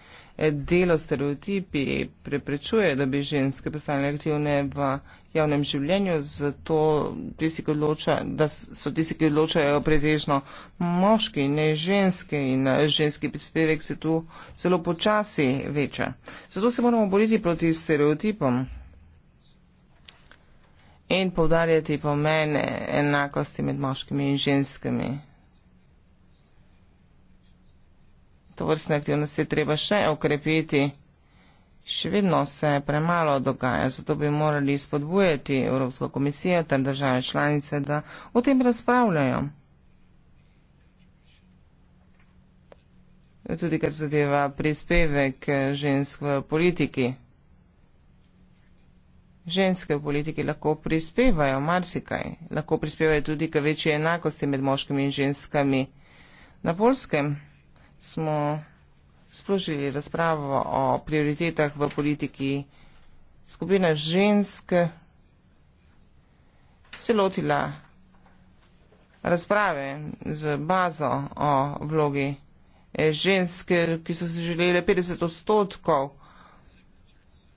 delo stereotipi preprečuje, da bi ženske postale aktivne v javnem življenju, zato tisti, ki odloča, da so tisti, ki odločajo pretežno moški, ne ženske in ženski prispevek se tu zelo počasi veča. Zato se moramo boriti proti stereotipom in povdarjati pomene enakosti med moškimi in ženskimi. to vrstne aktivnosti je treba še okrepiti. Še vedno se premalo dogaja, zato bi morali spodbujati Evropsko komisijo ter države članice, da o tem razpravljajo. Tudi kar zadeva prispevek žensk v politiki. Ženske v politiki lahko prispevajo marsikaj, lahko prispevajo tudi k večji enakosti med moškimi in ženskami na polskem smo sprožili razpravo o prioritetah v politiki skupine ženske, se lotila razprave z bazo o vlogi eh, ženske, ki so si želeli 50 odstotkov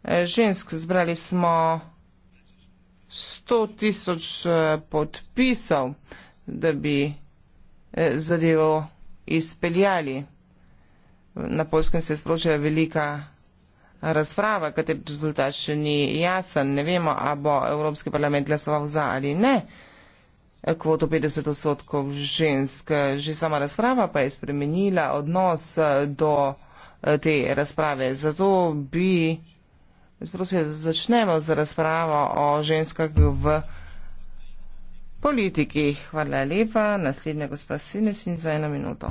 eh, žensk. Zbrali smo 100 tisoč eh, podpisov, da bi zadevo izpeljali na polskem se sproča velika razprava, kater rezultat še ni jasen. Ne vemo, a bo Evropski parlament glasoval za ali ne kvoto 50 odstotkov žensk. Že sama razprava pa je spremenila odnos eh, do eh, te razprave. Zato bi prosil, da začnemo z razpravo o ženskah v politiki. Hvala lepa. Naslednja gospa Sines in za eno minuto.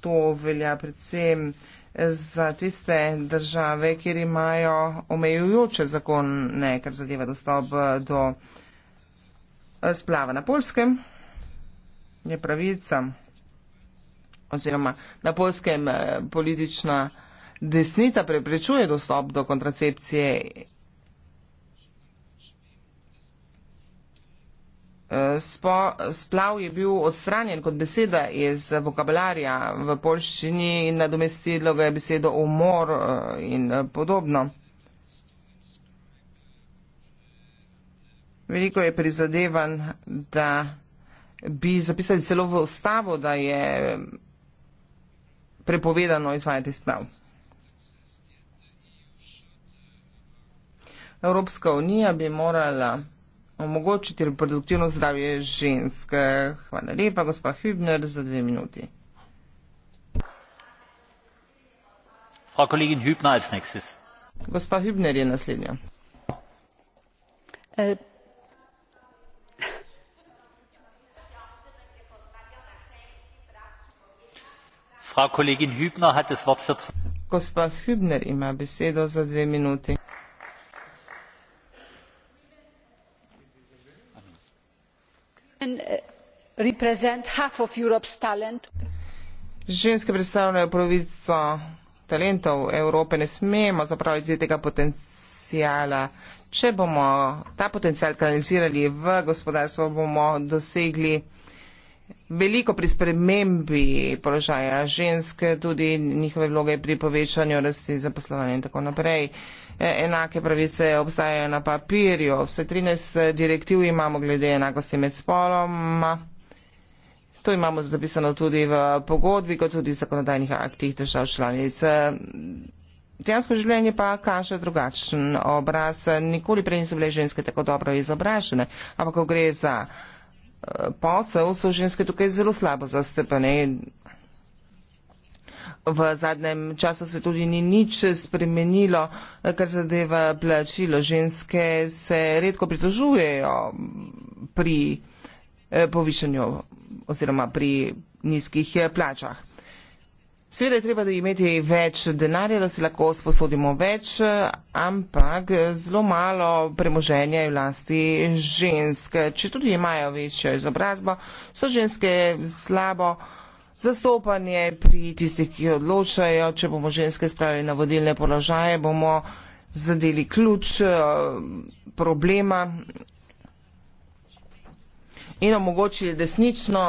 to velja predvsem za tiste države, kjer imajo omejujoče zakone, kar zadeva dostop do splava na polskem, je pravica oziroma na polskem eh, politična desnita preprečuje dostop do kontracepcije Spo, splav je bil odstranjen kot beseda iz vokabularja v polščini in nadomestilo ga je besedo umor eh, in eh, podobno. Veliko je prizadevan, da bi zapisali celo v ustavo, da je prepovedano izvajati splav. Evropska unija bi morala omogočiti reproduktivno zdravje žensk. Hvala lepa, gospod Hübner, za dve minuti. Gospa Hübner je naslednja. Eh, gospa Hübner ima besedo za dve minuti. Uh, ženske predstavljajo polovico talentov Evrope, ne smemo zapraviti tega potencijala. Če bomo ta potencijal kanalizirali v gospodarstvo, bomo dosegli veliko pri spremembi položaja žensk, tudi njihove vloge pri povečanju rasti zaposlovanja in tako naprej. E, enake pravice obstajajo na papirju. Vse 13 eh, direktiv imamo glede enakosti med spoloma. To imamo zapisano tudi v pogodbi, kot tudi v zakonodajnih aktih držav članic. E, dejansko življenje pa kaže drugačen obraz. Nikoli prej niso bile ženske tako dobro izobražene, ampak ko gre za posel, so ženske tukaj zelo slabo zastepene. V zadnjem času se tudi ni nič spremenilo, kar zadeva plačilo. Ženske se redko pritožujejo pri eh, povišanju oziroma pri nizkih eh, plačah. Seveda je treba, da imeti več denarja, da si lahko sposodimo več, ampak zelo malo premoženja je v lasti žensk. Če tudi imajo večjo izobrazbo, so ženske slabo zastopanje pri tistih, ki odločajo. Če bomo ženske spravili na vodilne položaje, bomo zadeli ključ eh, problema in omogočili desnično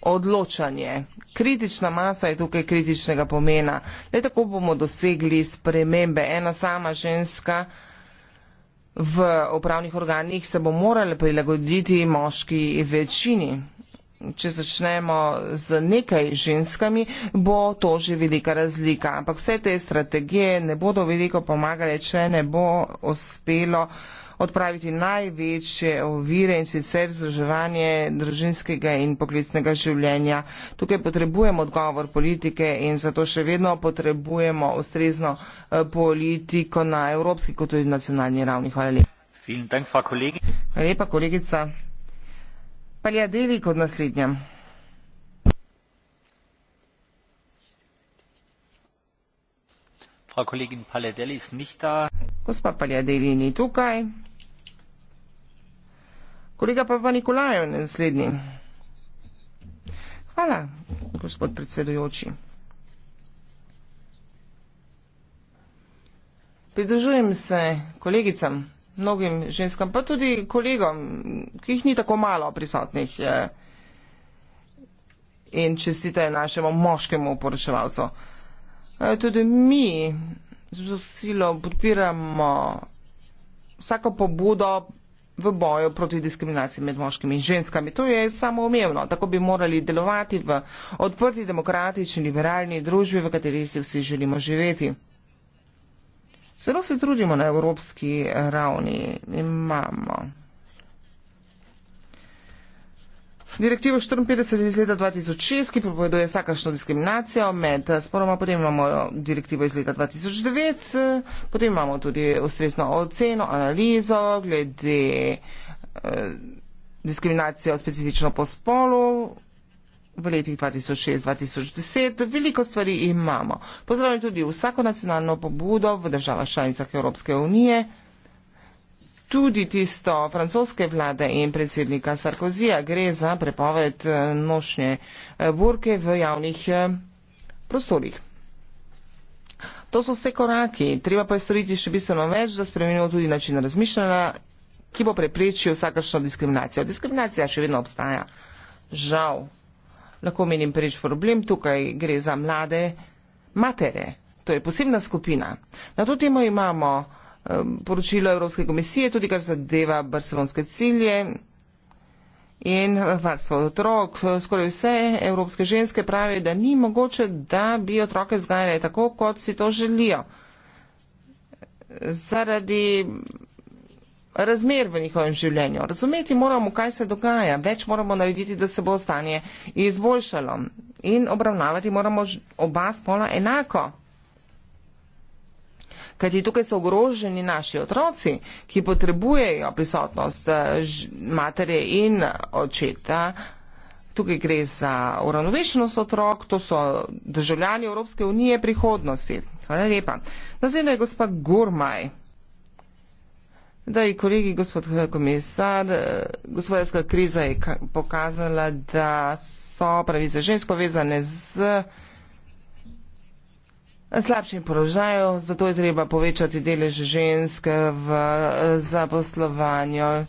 odločanje. Kritična masa je tukaj kritičnega pomena. Le tako bomo dosegli spremembe. Ena sama ženska v upravnih organih se bo morala prilagoditi moški večini. Če začnemo z nekaj ženskami, bo to že velika razlika. Ampak vse te strategije ne bodo veliko pomagale, če ne bo uspelo odpraviti največje ovire in sicer zdrževanje družinskega in poklicnega življenja. Tukaj potrebujemo odgovor politike in zato še vedno potrebujemo ustrezno eh, politiko na evropski kot tudi nacionalni ravni. Hvala lepa. Hvala lepa, kolegica. Palja Deli kot naslednja. Gospa Paljadeli ni tukaj, Kolega pa pa Nikolajev naslednji. Hvala, gospod predsedujoči. Pridružujem se kolegicam, mnogim ženskam, pa tudi kolegom, ki jih ni tako malo prisotnih. Eh, in čestite našemu moškemu poročevalcu. Eh, tudi mi z silo podpiramo vsako pobudo, v boju proti diskriminaciji med moškimi in ženskami. To je samo umevno. Tako bi morali delovati v odprti, demokratični, liberalni družbi, v kateri si vsi želimo živeti. Zelo se trudimo na evropski ravni. Imamo. Direktivo 54 iz leta 2006, ki prepoveduje vsakašno diskriminacijo med eh, spoloma, potem imamo eh, direktivo iz leta 2009, eh, potem imamo tudi ustrezno oceno, analizo glede eh, diskriminacijo specifično po spolu v letih 2006-2010. Veliko stvari imamo. Pozdravljam tudi vsako nacionalno pobudo v državah članicah Evropske unije tudi tisto francoske vlade in predsednika Sarkozija. Gre za prepoved eh, nošnje eh, burke v javnih eh, prostorih. To so vse koraki. Treba pa je storiti še bistveno več, da spremenimo tudi način razmišljanja, ki bo preprečil vsakršno diskriminacijo. Diskriminacija še vedno obstaja. Žal. Lahko menim preč problem, tukaj gre za mlade matere. To je posebna skupina. Na to temo imamo uh, Um, poročilo Evropske komisije, tudi kar zadeva barcelonske cilje in varstvo otrok. Skoraj vse evropske ženske pravijo, da ni mogoče, da bi otroke vzgajale tako, kot si to želijo. Zaradi razmer v njihovem življenju. Razumeti moramo, kaj se dogaja, več moramo narediti, da se bo stanje izboljšalo. In obravnavati moramo oba spola enako kajti tukaj so ogroženi naši otroci, ki potrebujejo prisotnost eh, matere in očeta. Tukaj gre za uravnovešenost otrok, to so državljani Evropske unije prihodnosti. Hvala lepa. Naslednja je gospa Gurmaj. Da, in kolegi, gospod eh, komisar, eh, gospodarska kriza je pokazala, da so pravice žensk povezane z slabšem položaju, zato je treba povečati delež žensk v zaposlovanju.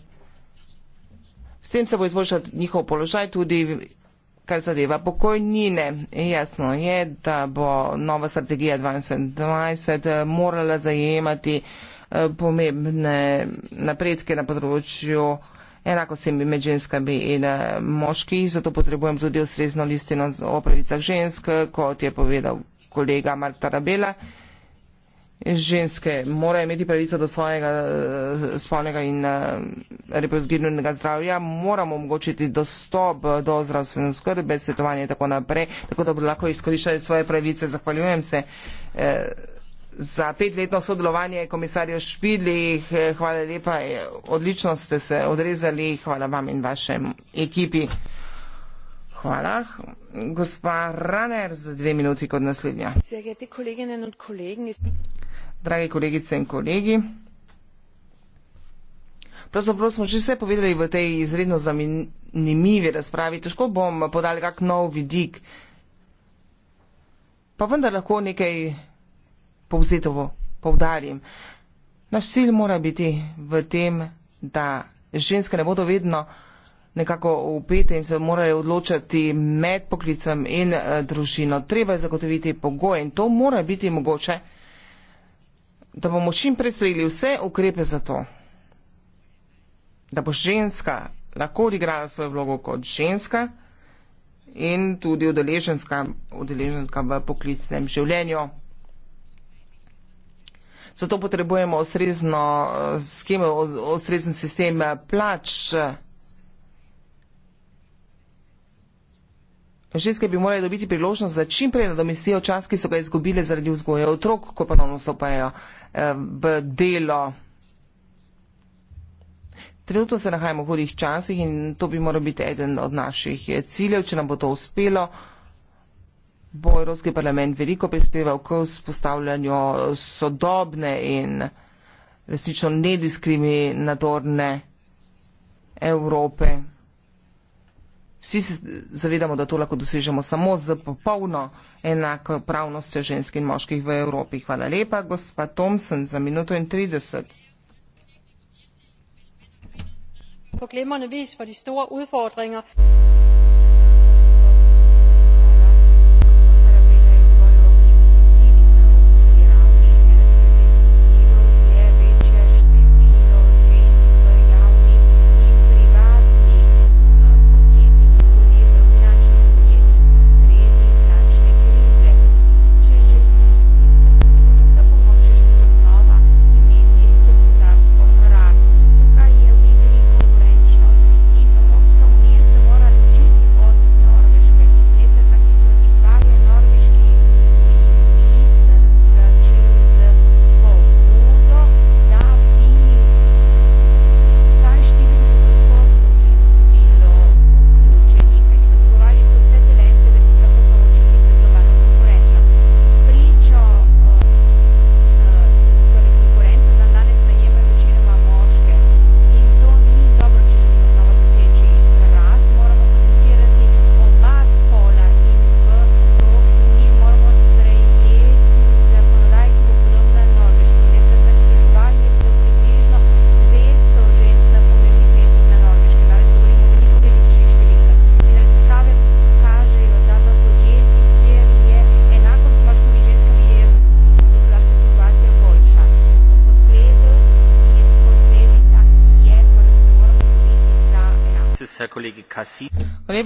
S tem se bo izboljšal njihov položaj tudi, kar zadeva pokojnine. Jasno je, da bo nova strategija 2020 eh, morala zajemati eh, pomembne napredke na področju enako se mi med ženskami in eh, moški, zato potrebujem tudi ustrezno listino o pravicah žensk, kot je povedal kolega Marta Rabela. Ženske morajo imeti pravico do svojega spolnega in eh, reproduktivnega zdravja, moramo omogočiti dostop do zdravstvene skrbe, svetovanje in tako naprej, tako da bodo lahko izkoriščali svoje pravice. Zahvaljujem se eh, za petletno sodelovanje komisarju Špidli. Eh, hvala lepa, odlično ste se odrezali. Hvala vam in vašem ekipi. Hvala. Gospa Raner z dve minuti kot naslednja. Dragi kolegice in kolegi, pravzaprav smo že vse povedali v tej izredno zanimivi razpravi. Težko bom podal kak nov vidik, pa vendar lahko nekaj povzetovo povdarim. Naš cilj mora biti v tem, da ženske ne bodo vedno nekako upete in se morajo odločati med poklicem in eh, družino. Treba je zagotoviti pogoje in to mora biti mogoče, da bomo čim prej sprejeli vse ukrepe za to, da bo ženska lahko odigrala svojo vlogo kot ženska in tudi udeleženska, udeleženska v poklicnem življenju. Zato potrebujemo ustrezno eh, skemo, ustrezen sistem eh, plač. Ženske bi morale dobiti priložnost, da čim prej nadomestijo čas, ki so ga izgubile zaradi vzgoje otrok, ko ponovno stopajo eh, v delo. Trenutno se nahajamo v hudih časih in to bi moral biti eden od naših eh, ciljev. Če nam bo to uspelo, bo Evropski parlament veliko prispeval k vzpostavljanju eh, sodobne in resnično nediskriminatorne Evrope. Vsi se zavedamo, da to lahko dosežemo samo z popolno enakopravnostjo žensk in moških v Evropi. Hvala lepa, gospa Thompson, za minuto in 30. På glimrende vis for de store udfordringer.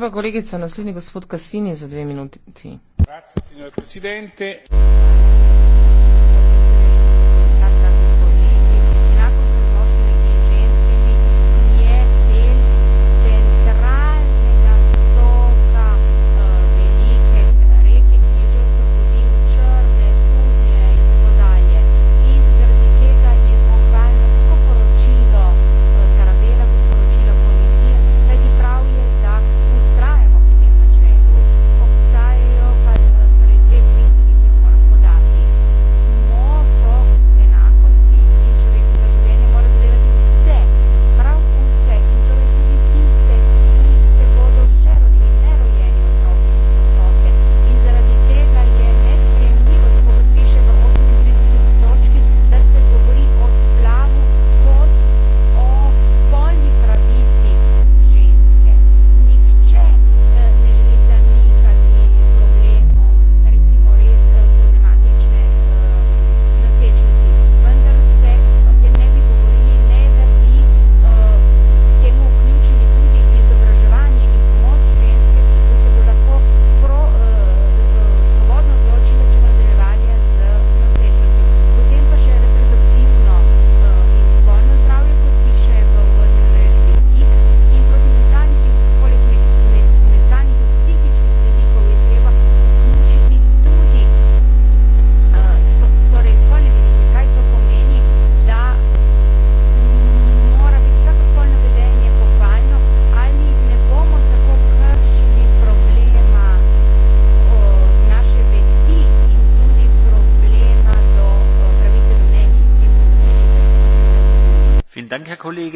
lepa, kolegica. Naslednji gospod Kasini za dve minuti. Grazie, signor Presidente.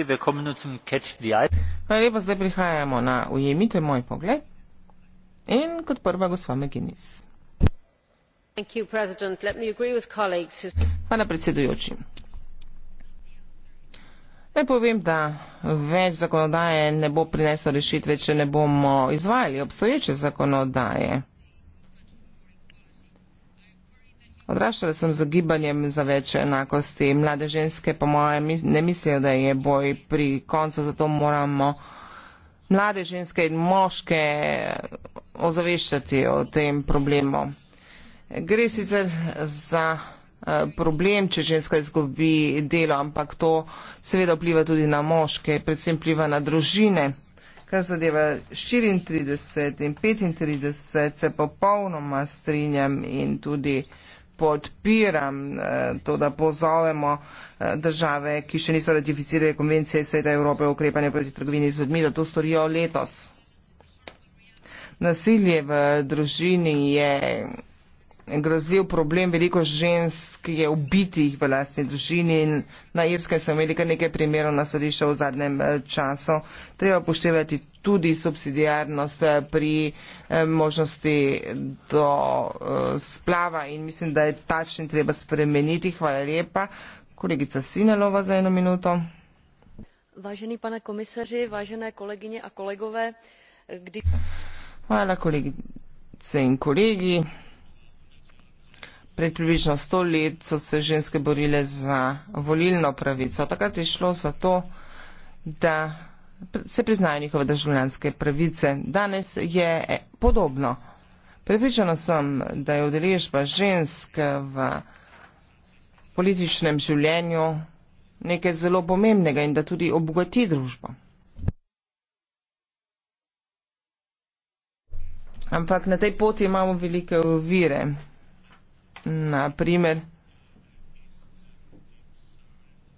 Hvala lepa, zdaj prihajamo na ujemite moj pogled. In kot prva gospa McGuinness. Hvala predsedujoči. Naj povem, da več zakonodaje ne bo prineslo rešitve, če ne bomo izvajali obstoječe zakonodaje. Odraščala sem z gibanjem za več enakosti. Mlade ženske po mojem ne mislijo, da je boj pri koncu, zato moramo mlade ženske in moške ozaveščati o tem problemu. Gre sicer za eh, problem, če ženska izgubi delo, ampak to seveda vpliva tudi na moške, predvsem vpliva na družine. Kar zadeva 34 in 35, se popolnoma strinjam in tudi podpiram eh, to, da pozovemo eh, države, ki še niso ratificirale konvencije Sveta Evrope o ukrepanju proti trgovini z ljudmi, da to storijo letos. Nasilje v družini je grozljiv problem. Veliko žensk je ubitih v lastni družini in na Irskem so imeli kar nekaj primerov na sodišče v zadnjem eh, času. Treba upoštevati tudi subsidijarnost eh, pri eh, možnosti do eh, splava in mislim, da je tačni treba spremeniti. Hvala lepa. Kolegica Sinelova za eno minuto. Vážený pane komisaři, vážené kolegyně a kolegové, kdy... Hvala kolegice in kolegi. Pred približno sto let so se ženske borile za volilno pravico. Takrat je šlo za to, da se priznajo njihove državljanske pravice. Danes je podobno. Pripričana sem, da je udeležba žensk v političnem življenju nekaj zelo pomembnega in da tudi obogati družbo. Ampak na tej poti imamo velike ovire. Naprimer,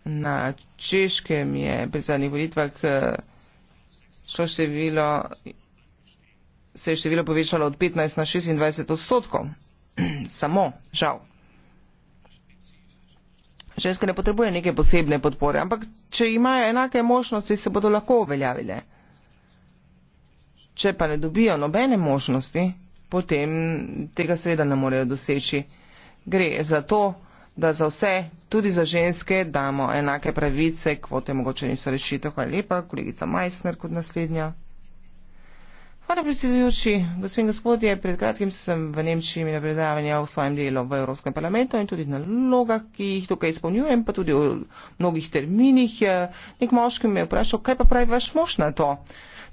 na Češkem je pri zadnjih volitvah eh, šlo število, se je število povečalo od 15 na 26 odstotkov. *clears throat* Samo, žal. Ženske ne potrebuje neke posebne podpore, ampak če imajo enake možnosti, se bodo lahko uveljavile. Če pa ne dobijo nobene možnosti, potem tega seveda ne morejo doseči. Gre za to, da za vse, tudi za ženske, damo enake pravice, kvote mogoče niso rešitev. Hvala lepa, kolegica Majsner kot naslednja. Hvala, predsedujoči. Gospod in gospodje, pred kratkim sem v Nemčiji imela predavanje o svojem delu v Evropskem parlamentu in tudi na nalogah, ki jih tukaj izpolnjujem, pa tudi o mnogih terminih. Nek moški me je vprašal, kaj pa pravi vaš mož na to.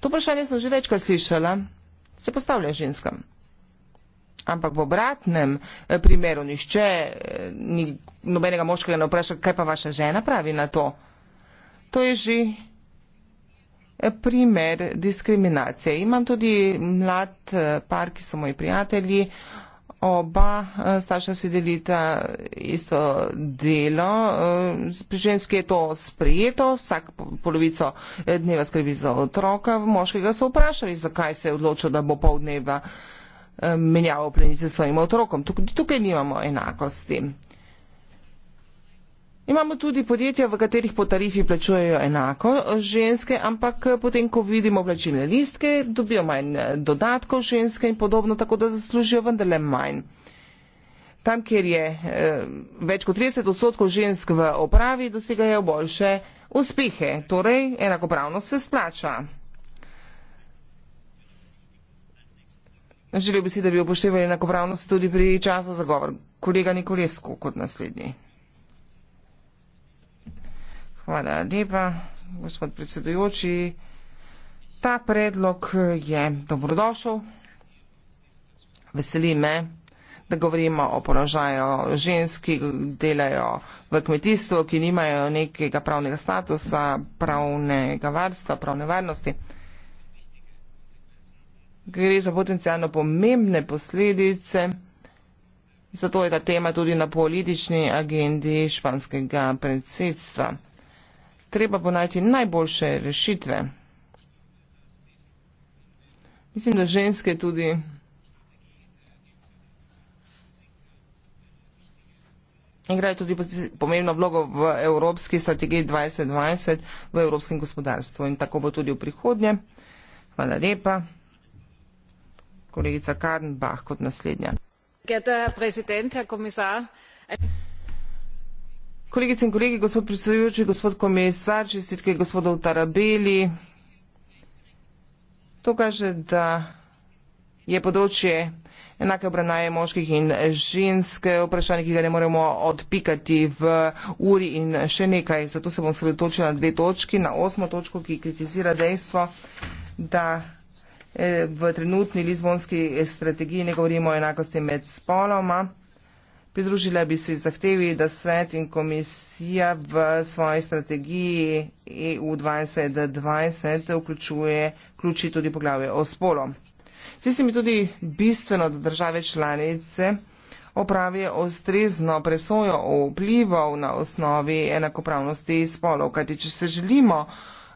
To vprašanje sem že večkrat slišala. Se postavlja ženskam. Ampak v obratnem eh, primeru nišče, eh, ni nobenega moškega ne vpraša, kaj pa vaša žena pravi na to. To je že eh, primer diskriminacije. Imam tudi mlad par, ki so moji prijatelji. Oba starša si delita isto delo. Pri ženski je to sprejeto, vsak polovico dneva skrbi za otroka. Moškega so vprašali, zakaj se je odločil, da bo pol dneva uh, Eh, menjavo plenice s svojim otrokom. Tukaj, tukaj nimamo enakosti. Imamo tudi podjetja, v katerih po tarifi plačujejo enako ženske, ampak eh, potem, ko vidimo plačilne listke, dobijo manj eh, dodatkov ženske in podobno, tako da zaslužijo vendarle manj. Tam, kjer je eh, več kot 30 odstotkov žensk v opravi, dosegajo boljše uspehe. Torej, enakopravnost se splača. Želel bi si, da bi upoštevali enakopravnost tudi pri času za govor. Kolega Nikolesku kot naslednji. Hvala lepa, gospod predsedujoči. Ta predlog je dobrodošel. Veseli me, da govorimo o položaju žensk, ki delajo v kmetijstvu, ki nimajo nekega pravnega statusa, pravnega varstva, pravne varnosti gre za potencijalno pomembne posledice. Zato je ta tema tudi na politični agendi španskega predsedstva. Treba ponajti najboljše rešitve. Mislim, da ženske tudi igrajo tudi pomembno vlogo v Evropski strategiji 2020 v evropskem gospodarstvu in tako bo tudi v prihodnje. Hvala lepa kolegica kadenbach kot naslednja kolegice in kolegi gospod predsedujoči gospod komisar čestitke gospodu tarabeli to kaže da je področje enake obravnave moških in žensk vprašanje ki ga ne moremo odpikati v uri in še nekaj zato se bom sredotočila na dve točki na osmo točko ki kritizira dejstvo da v trenutni lizbonski eh, strategiji ne govorimo o enakosti med spoloma. Pridružila bi se zahtevi, da svet in komisija v svoji strategiji EU 2020 vključuje, vključi tudi poglavje o spolu. Zdi se mi tudi bistveno, da države članice opravijo ustrezno presojo o vplivov na osnovi enakopravnosti spolov, kajti če se želimo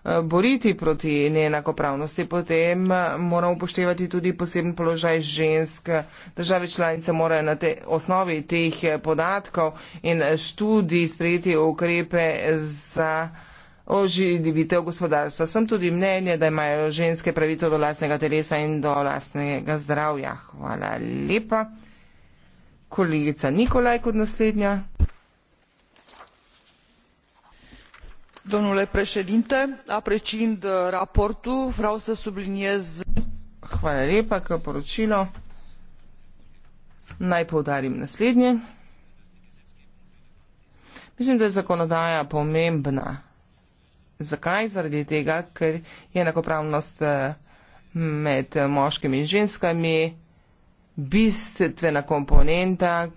Eh, boriti proti neenakopravnosti, potem eh, moramo upoštevati tudi poseben položaj žensk. Države članice morajo na te osnovi teh eh, podatkov in študij sprejeti ukrepe za oživitev gospodarstva. Sem tudi mnenje, da imajo ženske pravico do lastnega telesa in do lastnega zdravja. Hvala lepa. Kolegica Nikolaj kot naslednja. apreciind uh, raportul vreau să subliniez naj poudarim naslednje. Mislim, da je zakonodaja pomembna. Zakaj? Zaradi tega, ker je enakopravnost uh, med moškimi in ženskami bistvena komponenta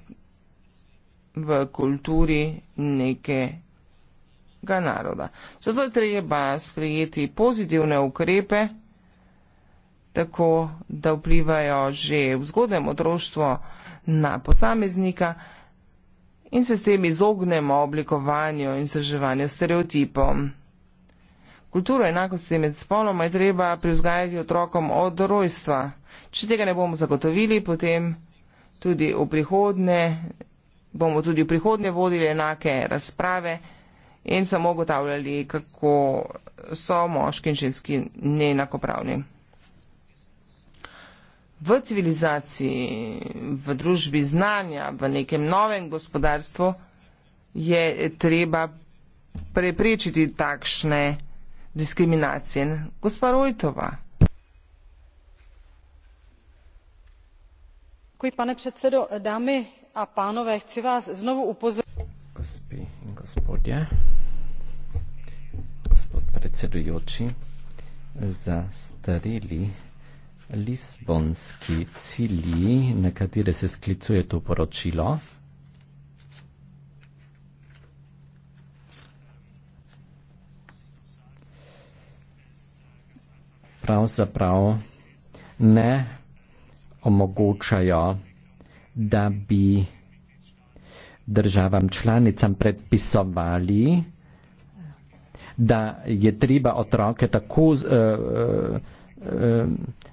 v kulturi neke slovenskega naroda. Zato je treba sprejeti pozitivne ukrepe, tako da vplivajo že v zgodnem otroštvu na posameznika in se s tem izognemo oblikovanju in srževanju stereotipom. Kulturo enakosti med spoloma je treba privzgajati otrokom od rojstva. Če tega ne bomo zagotovili, potem tudi v prihodne, bomo tudi v prihodnje vodili enake razprave in samo ugotavljali, kako so moški in ženski neenakopravni. V civilizaciji, v družbi znanja, v nekem novem gospodarstvu je treba preprečiti takšne diskriminacije. Gospa Rojtova. Kuj pane predsedo, dame in panove, hci vas znova upozoriti gospi in gospodje, gospod predsedujoči, za starili lisbonski cilji, na katere se sklicuje to poročilo, pravzaprav ne omogočajo, da bi državam članicam predpisovali, da je treba otroke tako uh, uh, uh,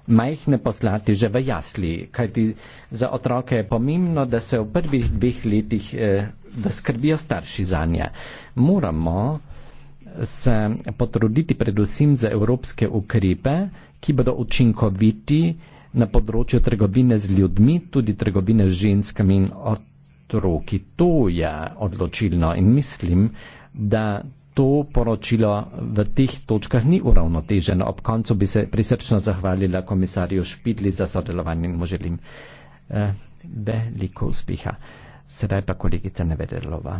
majhne poslati že v jasli. Kajti za otroke je pomembno, da se v prvih dveh letih, uh, da skrbijo starši za nje. Moramo se potruditi predvsem za evropske ukrepe, ki bodo učinkoviti na področju trgovine z ljudmi, tudi trgovine z ženskami in otroki otroki. To je odločilno in mislim, da to poročilo v teh točkah ni uravnoteženo. Ob koncu bi se prisrčno zahvalila komisarju Špidli za sodelovanje in mu želim eh, veliko uspeha. Sedaj pa kolegica Nevedelova.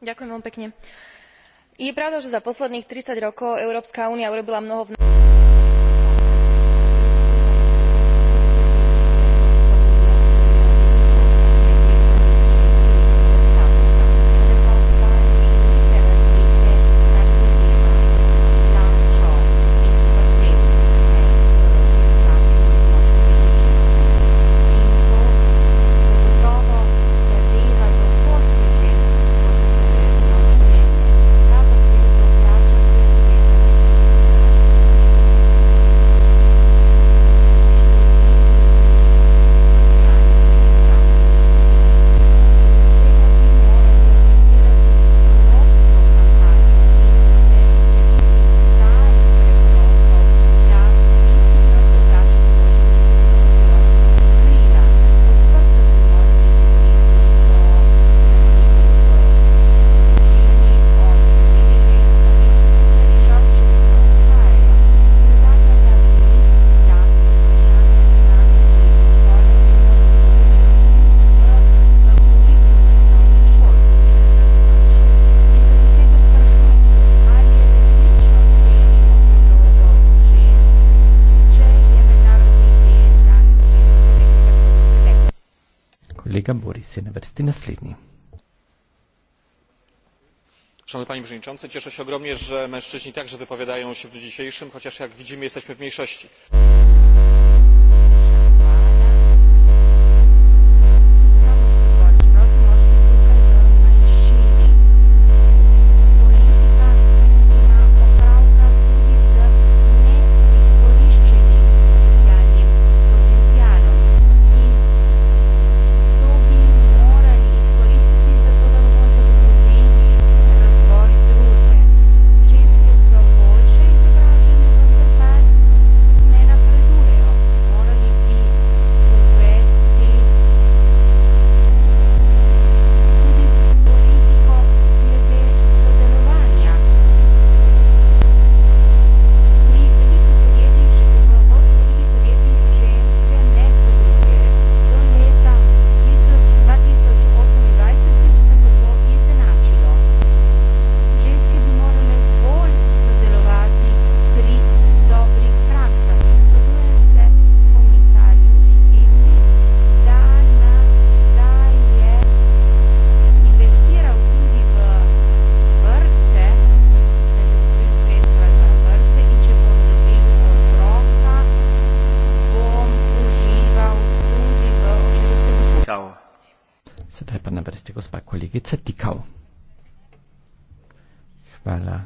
Ďakujem vám pekne. Je pravda, že za posledných 30 rokov Európska únia urobila mnoho... V... szanowny panie przewodniczący! cieszę się ogromnie że mężczyźni także wypowiadają się w dniu dzisiejszym chociaż jak widzimy jesteśmy w mniejszości.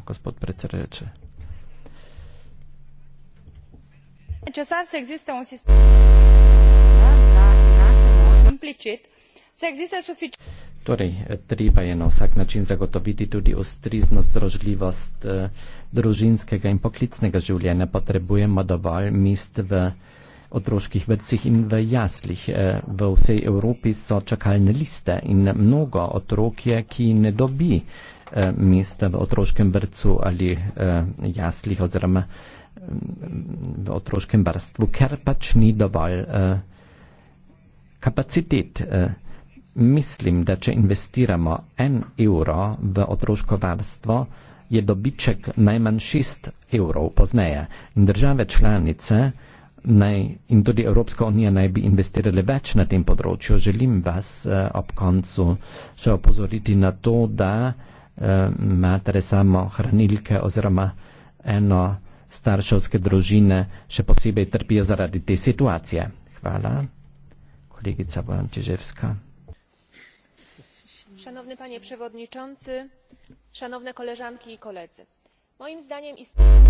gospod predsedujoči. Necesar să existe un sistem implicit, să existe suficient. Torej, treba je na vsak način zagotoviti tudi ustrezno združljivost eh, družinskega in poklicnega življenja. Potrebujemo dovolj mest v otroških vrtcih in v jaslih. Eh, v vsej Evropi so čakalne liste in mnogo otrok je, ki ne dobi Eh, mesta v otroškem vrtu ali eh, jaslih oziroma v otroškem vrstvu, ker pač ni dovolj eh, kapacitet. Eh, mislim, da če investiramo en evro v otroško varstvo, je dobiček najmanj 6 evrov pozneje. In države članice naj, in tudi Evropska unija naj bi investirale več na tem področju. Želim vas eh, ob koncu še opozoriti na to, da eh, Eh, matere samo hranilke oziroma eno starševske družine še posebej trpijo zaradi te situacije. Hvala, kolegica Bojančiževska. Szanowny panie przewodniczący, szanowne koleżanki i koledzy. Moim zdaniem istnieje.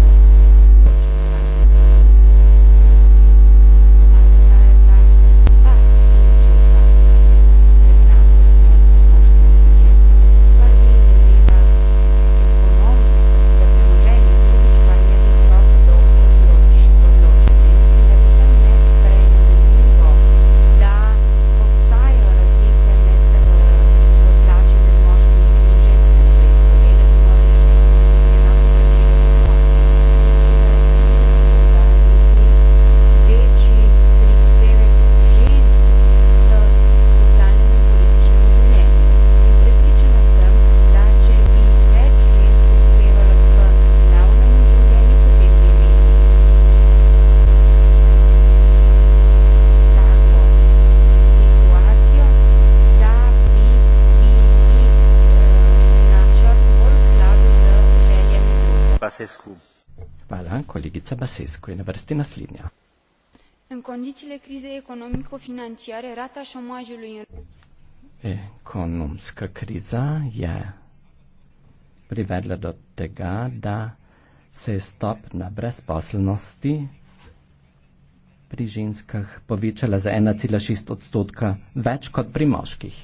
băsescu je na vrsti naslednja. În condițiile crizei economico-financiare, rata șomajului în Economska kriza je privedla do tega, da se je stopna brezposelnosti pri ženskah povečala za 1,6 odstotka več kot pri moških.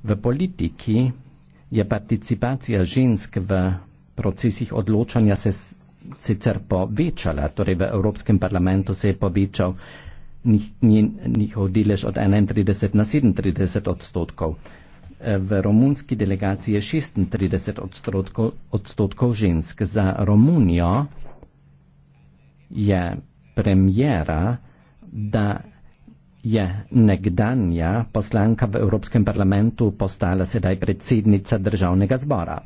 V politiki je participacija žensk v procesih odločanja se sicer povečala, torej v Evropskem parlamentu se je povečal njihov njih delež od 31 na 37 odstotkov. V romunski delegaciji je 36 odstotkov, odstotkov žensk. Za Romunijo je premjera, da je nekdanja poslanka v Evropskem parlamentu postala sedaj predsednica državnega zbora.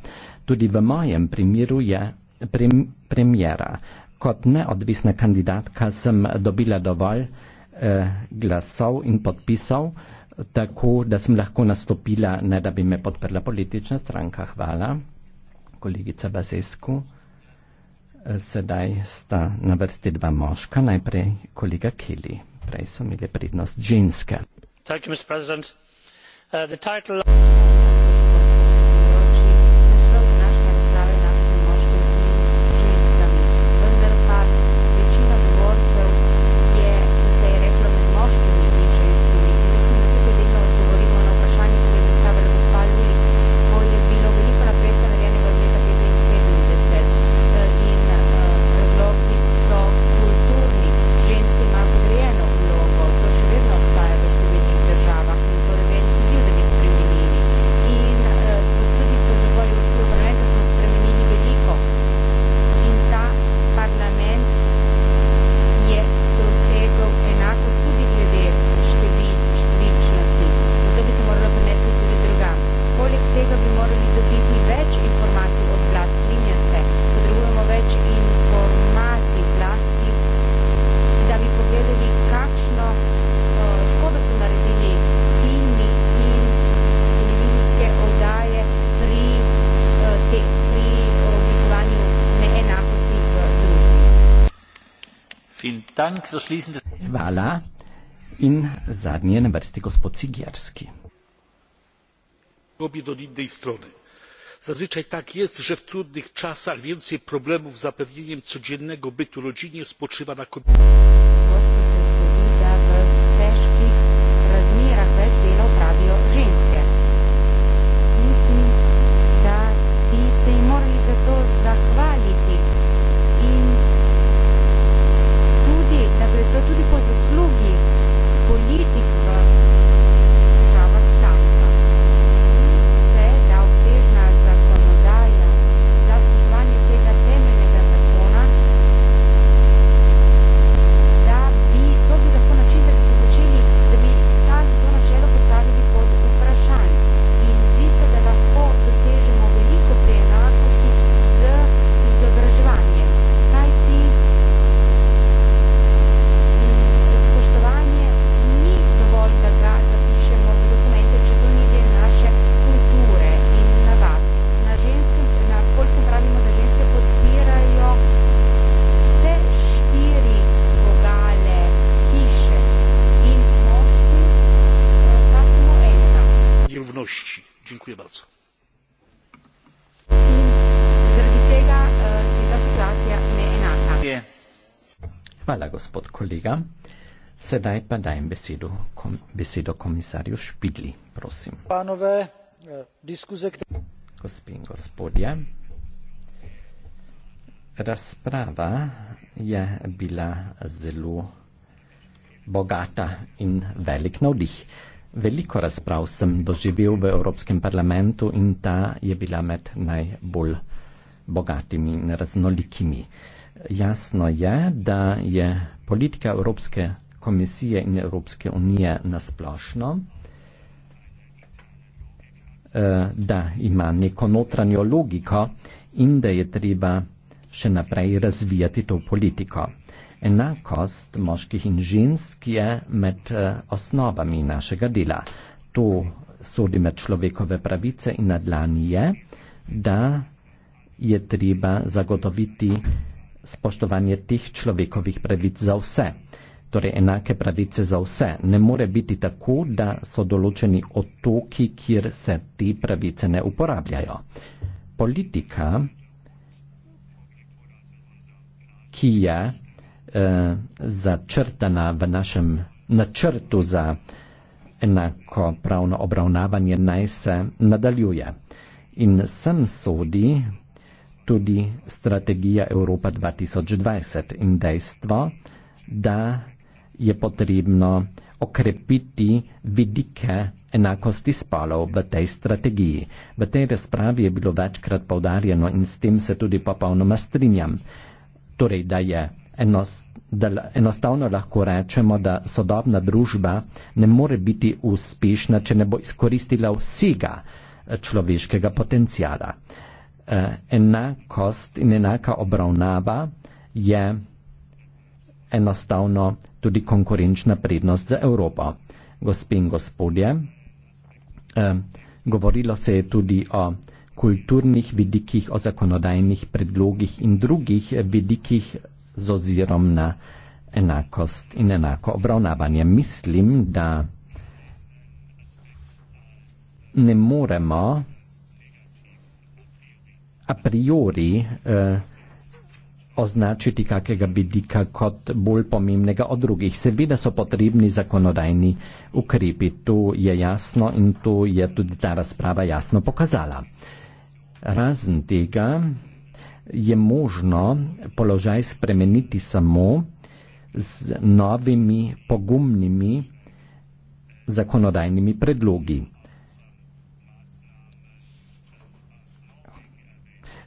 Tudi v mojem primeru je prim, premjera. Kot neodvisna kandidatka sem dobila dovolj eh, glasov in podpisov, tako da sem lahko nastopila, ne da bi me podprla politična stranka. Hvala, kolegica Bazesku. Eh, sedaj sta na vrsti dva moška, najprej kolega Kili, prej so imeli prednost ženske. Thank you, Mr. President. Uh, the title... Hvala in zadnji je na vrsti gospod Cigjarski. Zazwyczaj tak jest, że w trudnych czasach więcej problemów z zapewnieniem codziennego bytu rodzinie spoczywa na kobietach. kolega. Sedaj pa dajem besedo, kom, besedo komisarju Špidli, prosim. Panove, eh, diskuze, kter... Gospin, gospodje, razprava je bila zelo bogata in velik navdih. Veliko razprav sem doživel v Evropskem parlamentu in ta je bila med najbolj bogatimi in raznolikimi. Jasno je, da je politika Evropske komisije in Evropske unije nasplošno, eh, da ima neko notranjo logiko in da je treba še naprej razvijati to politiko. Enakost moških in žensk je med eh, osnovami našega dela. To sodi med človekove pravice in nadlani je, da je treba zagotoviti spoštovanje tih človekovih pravic za vse. Torej, enake pravice za vse. Ne more biti tako, da so določeni otoki, kjer se te pravice ne uporabljajo. Politika, ki je eh, začrtana v našem načrtu za enako pravno obravnavanje, naj se nadaljuje. In sem sodi, tudi strategija Evropa 2020 in dejstvo, da je potrebno okrepiti vidike enakosti spolov v tej strategiji. V tej razpravi je bilo večkrat povdarjeno in s tem se tudi popolnoma strinjam. Torej, da je enos, da enostavno lahko rečemo, da sodobna družba ne more biti uspešna, če ne bo izkoristila vsega eh, človeškega potencijala. Eh, enakost in enaka obravnava je enostavno tudi konkurenčna prednost za Evropo. Gospe in gospodje, eh, govorilo se je tudi o kulturnih vidikih, o zakonodajnih predlogih in drugih vidikih z ozirom na enakost in enako obravnavanje. Mislim, da ne moremo a priori eh, označiti kakega vidika kot bolj pomembnega od drugih. Seveda so potrebni zakonodajni ukrepi, to je jasno in to je tudi ta razprava jasno pokazala. Razen tega je možno položaj spremeniti samo z novimi pogumnimi zakonodajnimi predlogi.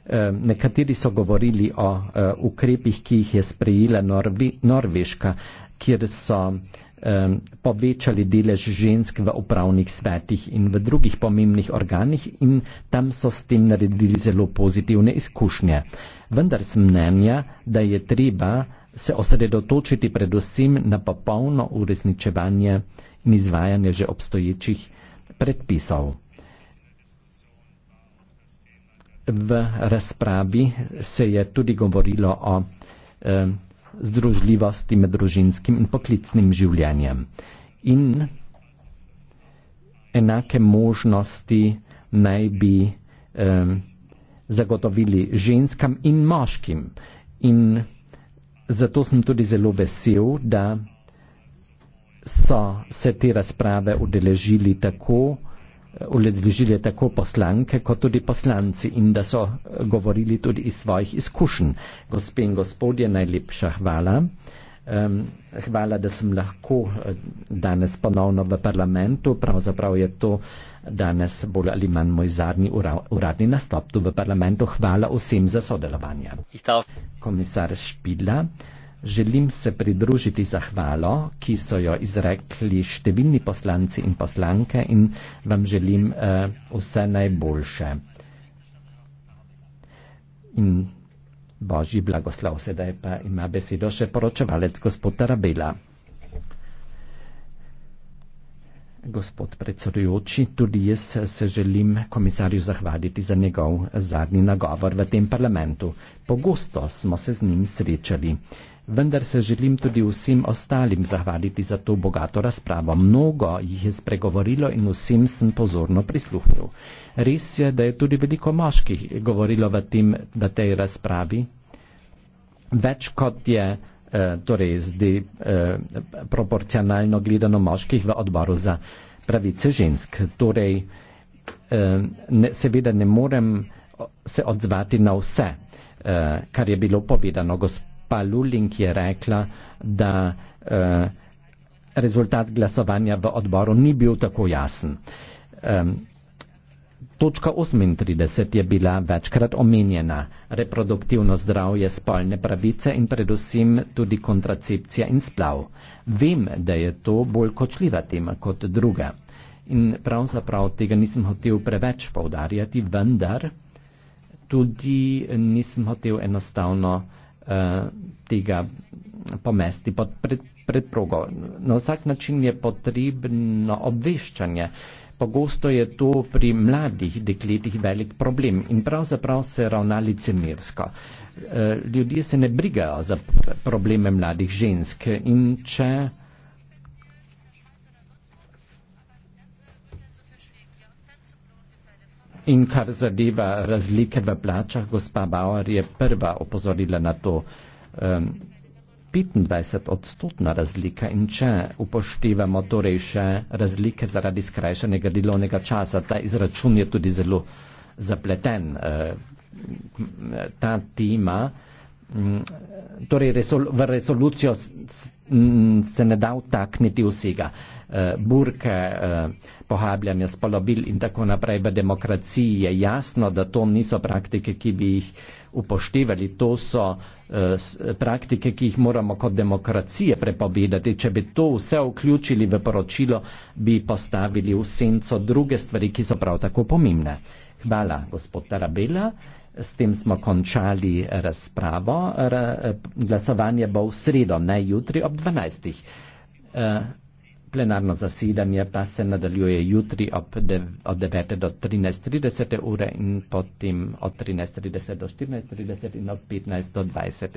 Eh, nekateri so govorili o eh, ukrepih, ki jih je sprejela Norvi, Norveška, kjer so eh, povečali delež žensk v upravnih svetih in v drugih pomembnih organih in tam so s tem naredili zelo pozitivne izkušnje. Vendar sem mnenja, da je treba se osredotočiti predvsem na popolno uresničevanje in izvajanje že obstoječih predpisov v razpravi se je tudi govorilo o eh, združljivosti med družinskim in poklicnim življenjem in enake možnosti naj bi eh, zagotovili ženskam in moškim. In zato sem tudi zelo vesel, da so se te razprave udeležili tako, uledvižili tako poslanke kot tudi poslanci in da so eh, govorili tudi iz svojih izkušenj. Gospe in gospodje, najlepša hvala. Um, hvala, da sem lahko eh, danes ponovno v parlamentu. Pravzaprav je to danes bolj ali manj moj zadnji ura, uradni nastop tu v parlamentu. Hvala vsem za sodelovanje. Komisar Špidla. Želim se pridružiti zahvalo, ki so jo izrekli številni poslanci in poslanke in vam želim uh, vse najboljše. In božji blagoslov, sedaj pa ima besedo še poročevalec gospod Tarabela. Gospod predsedujoči, tudi jaz se želim komisarju zahvaliti za njegov zadnji nagovor v tem parlamentu. Pogosto smo se z njim srečali. Uh, vendar se želim tudi vsem ostalim zahvaliti za to bogato razpravo. Mnogo jih je spregovorilo in vsem sem pozorno prisluhnil. Res je, da je tudi veliko moških govorilo v, tem, v tej razpravi. Več kot je eh, torej zdaj eh, proporcionalno gledano moških v odboru za pravice žensk. Torej, eh, ne, seveda ne morem se odzvati na vse, kar je bilo povedano gospodinu gospa Lulin, ki je rekla, da eh, rezultat glasovanja v odboru ni bil tako jasen. Točka 38 je bila večkrat omenjena. Reproduktivno zdravje, spolne pravice in predvsem tudi kontracepcija in splav. Vem, da je to bolj kočljiva tema kot druga. In pravzaprav tega nisem hotel preveč poudarjati, vendar tudi nisem hotel enostavno uh, Eh, tega pomesti pod pred, pred progo. Na vsak način je potrebno obveščanje. Pogosto je to pri mladih dekletih velik problem in pravzaprav se ravna licemirsko. Eh, ljudje se ne brigajo za probleme mladih žensk in če In kar zadeva razlike v plačah, gospa Bauer je prva opozorila na to. Um, 25 odstotna razlika in če upoštevamo torej še razlike zaradi skrajšanega delovnega časa, ta izračun je tudi zelo zapleten. Ehm, ta tema, ehm, torej resol, v resolucijo Mm, se ne da utakniti vsega. Uh, burke, uh, pohabljanje spolobil in tako naprej v demokraciji je jasno, da to niso praktike, ki bi jih upoštevali. To so uh, praktike, ki jih moramo kot demokracije prepovedati. Če bi to vse vključili v poročilo, bi postavili v senco druge stvari, ki so prav tako pomembne. Hvala, gospod Tarabela. S tem smo končali razpravo. Ra glasovanje bo v sredo, ne jutri ob 12. Uh, e, plenarno zasedanje pa se nadaljuje jutri ob od 9. do 13.30 ure in potem od 13.30 do 14.30 in od 15. do 20.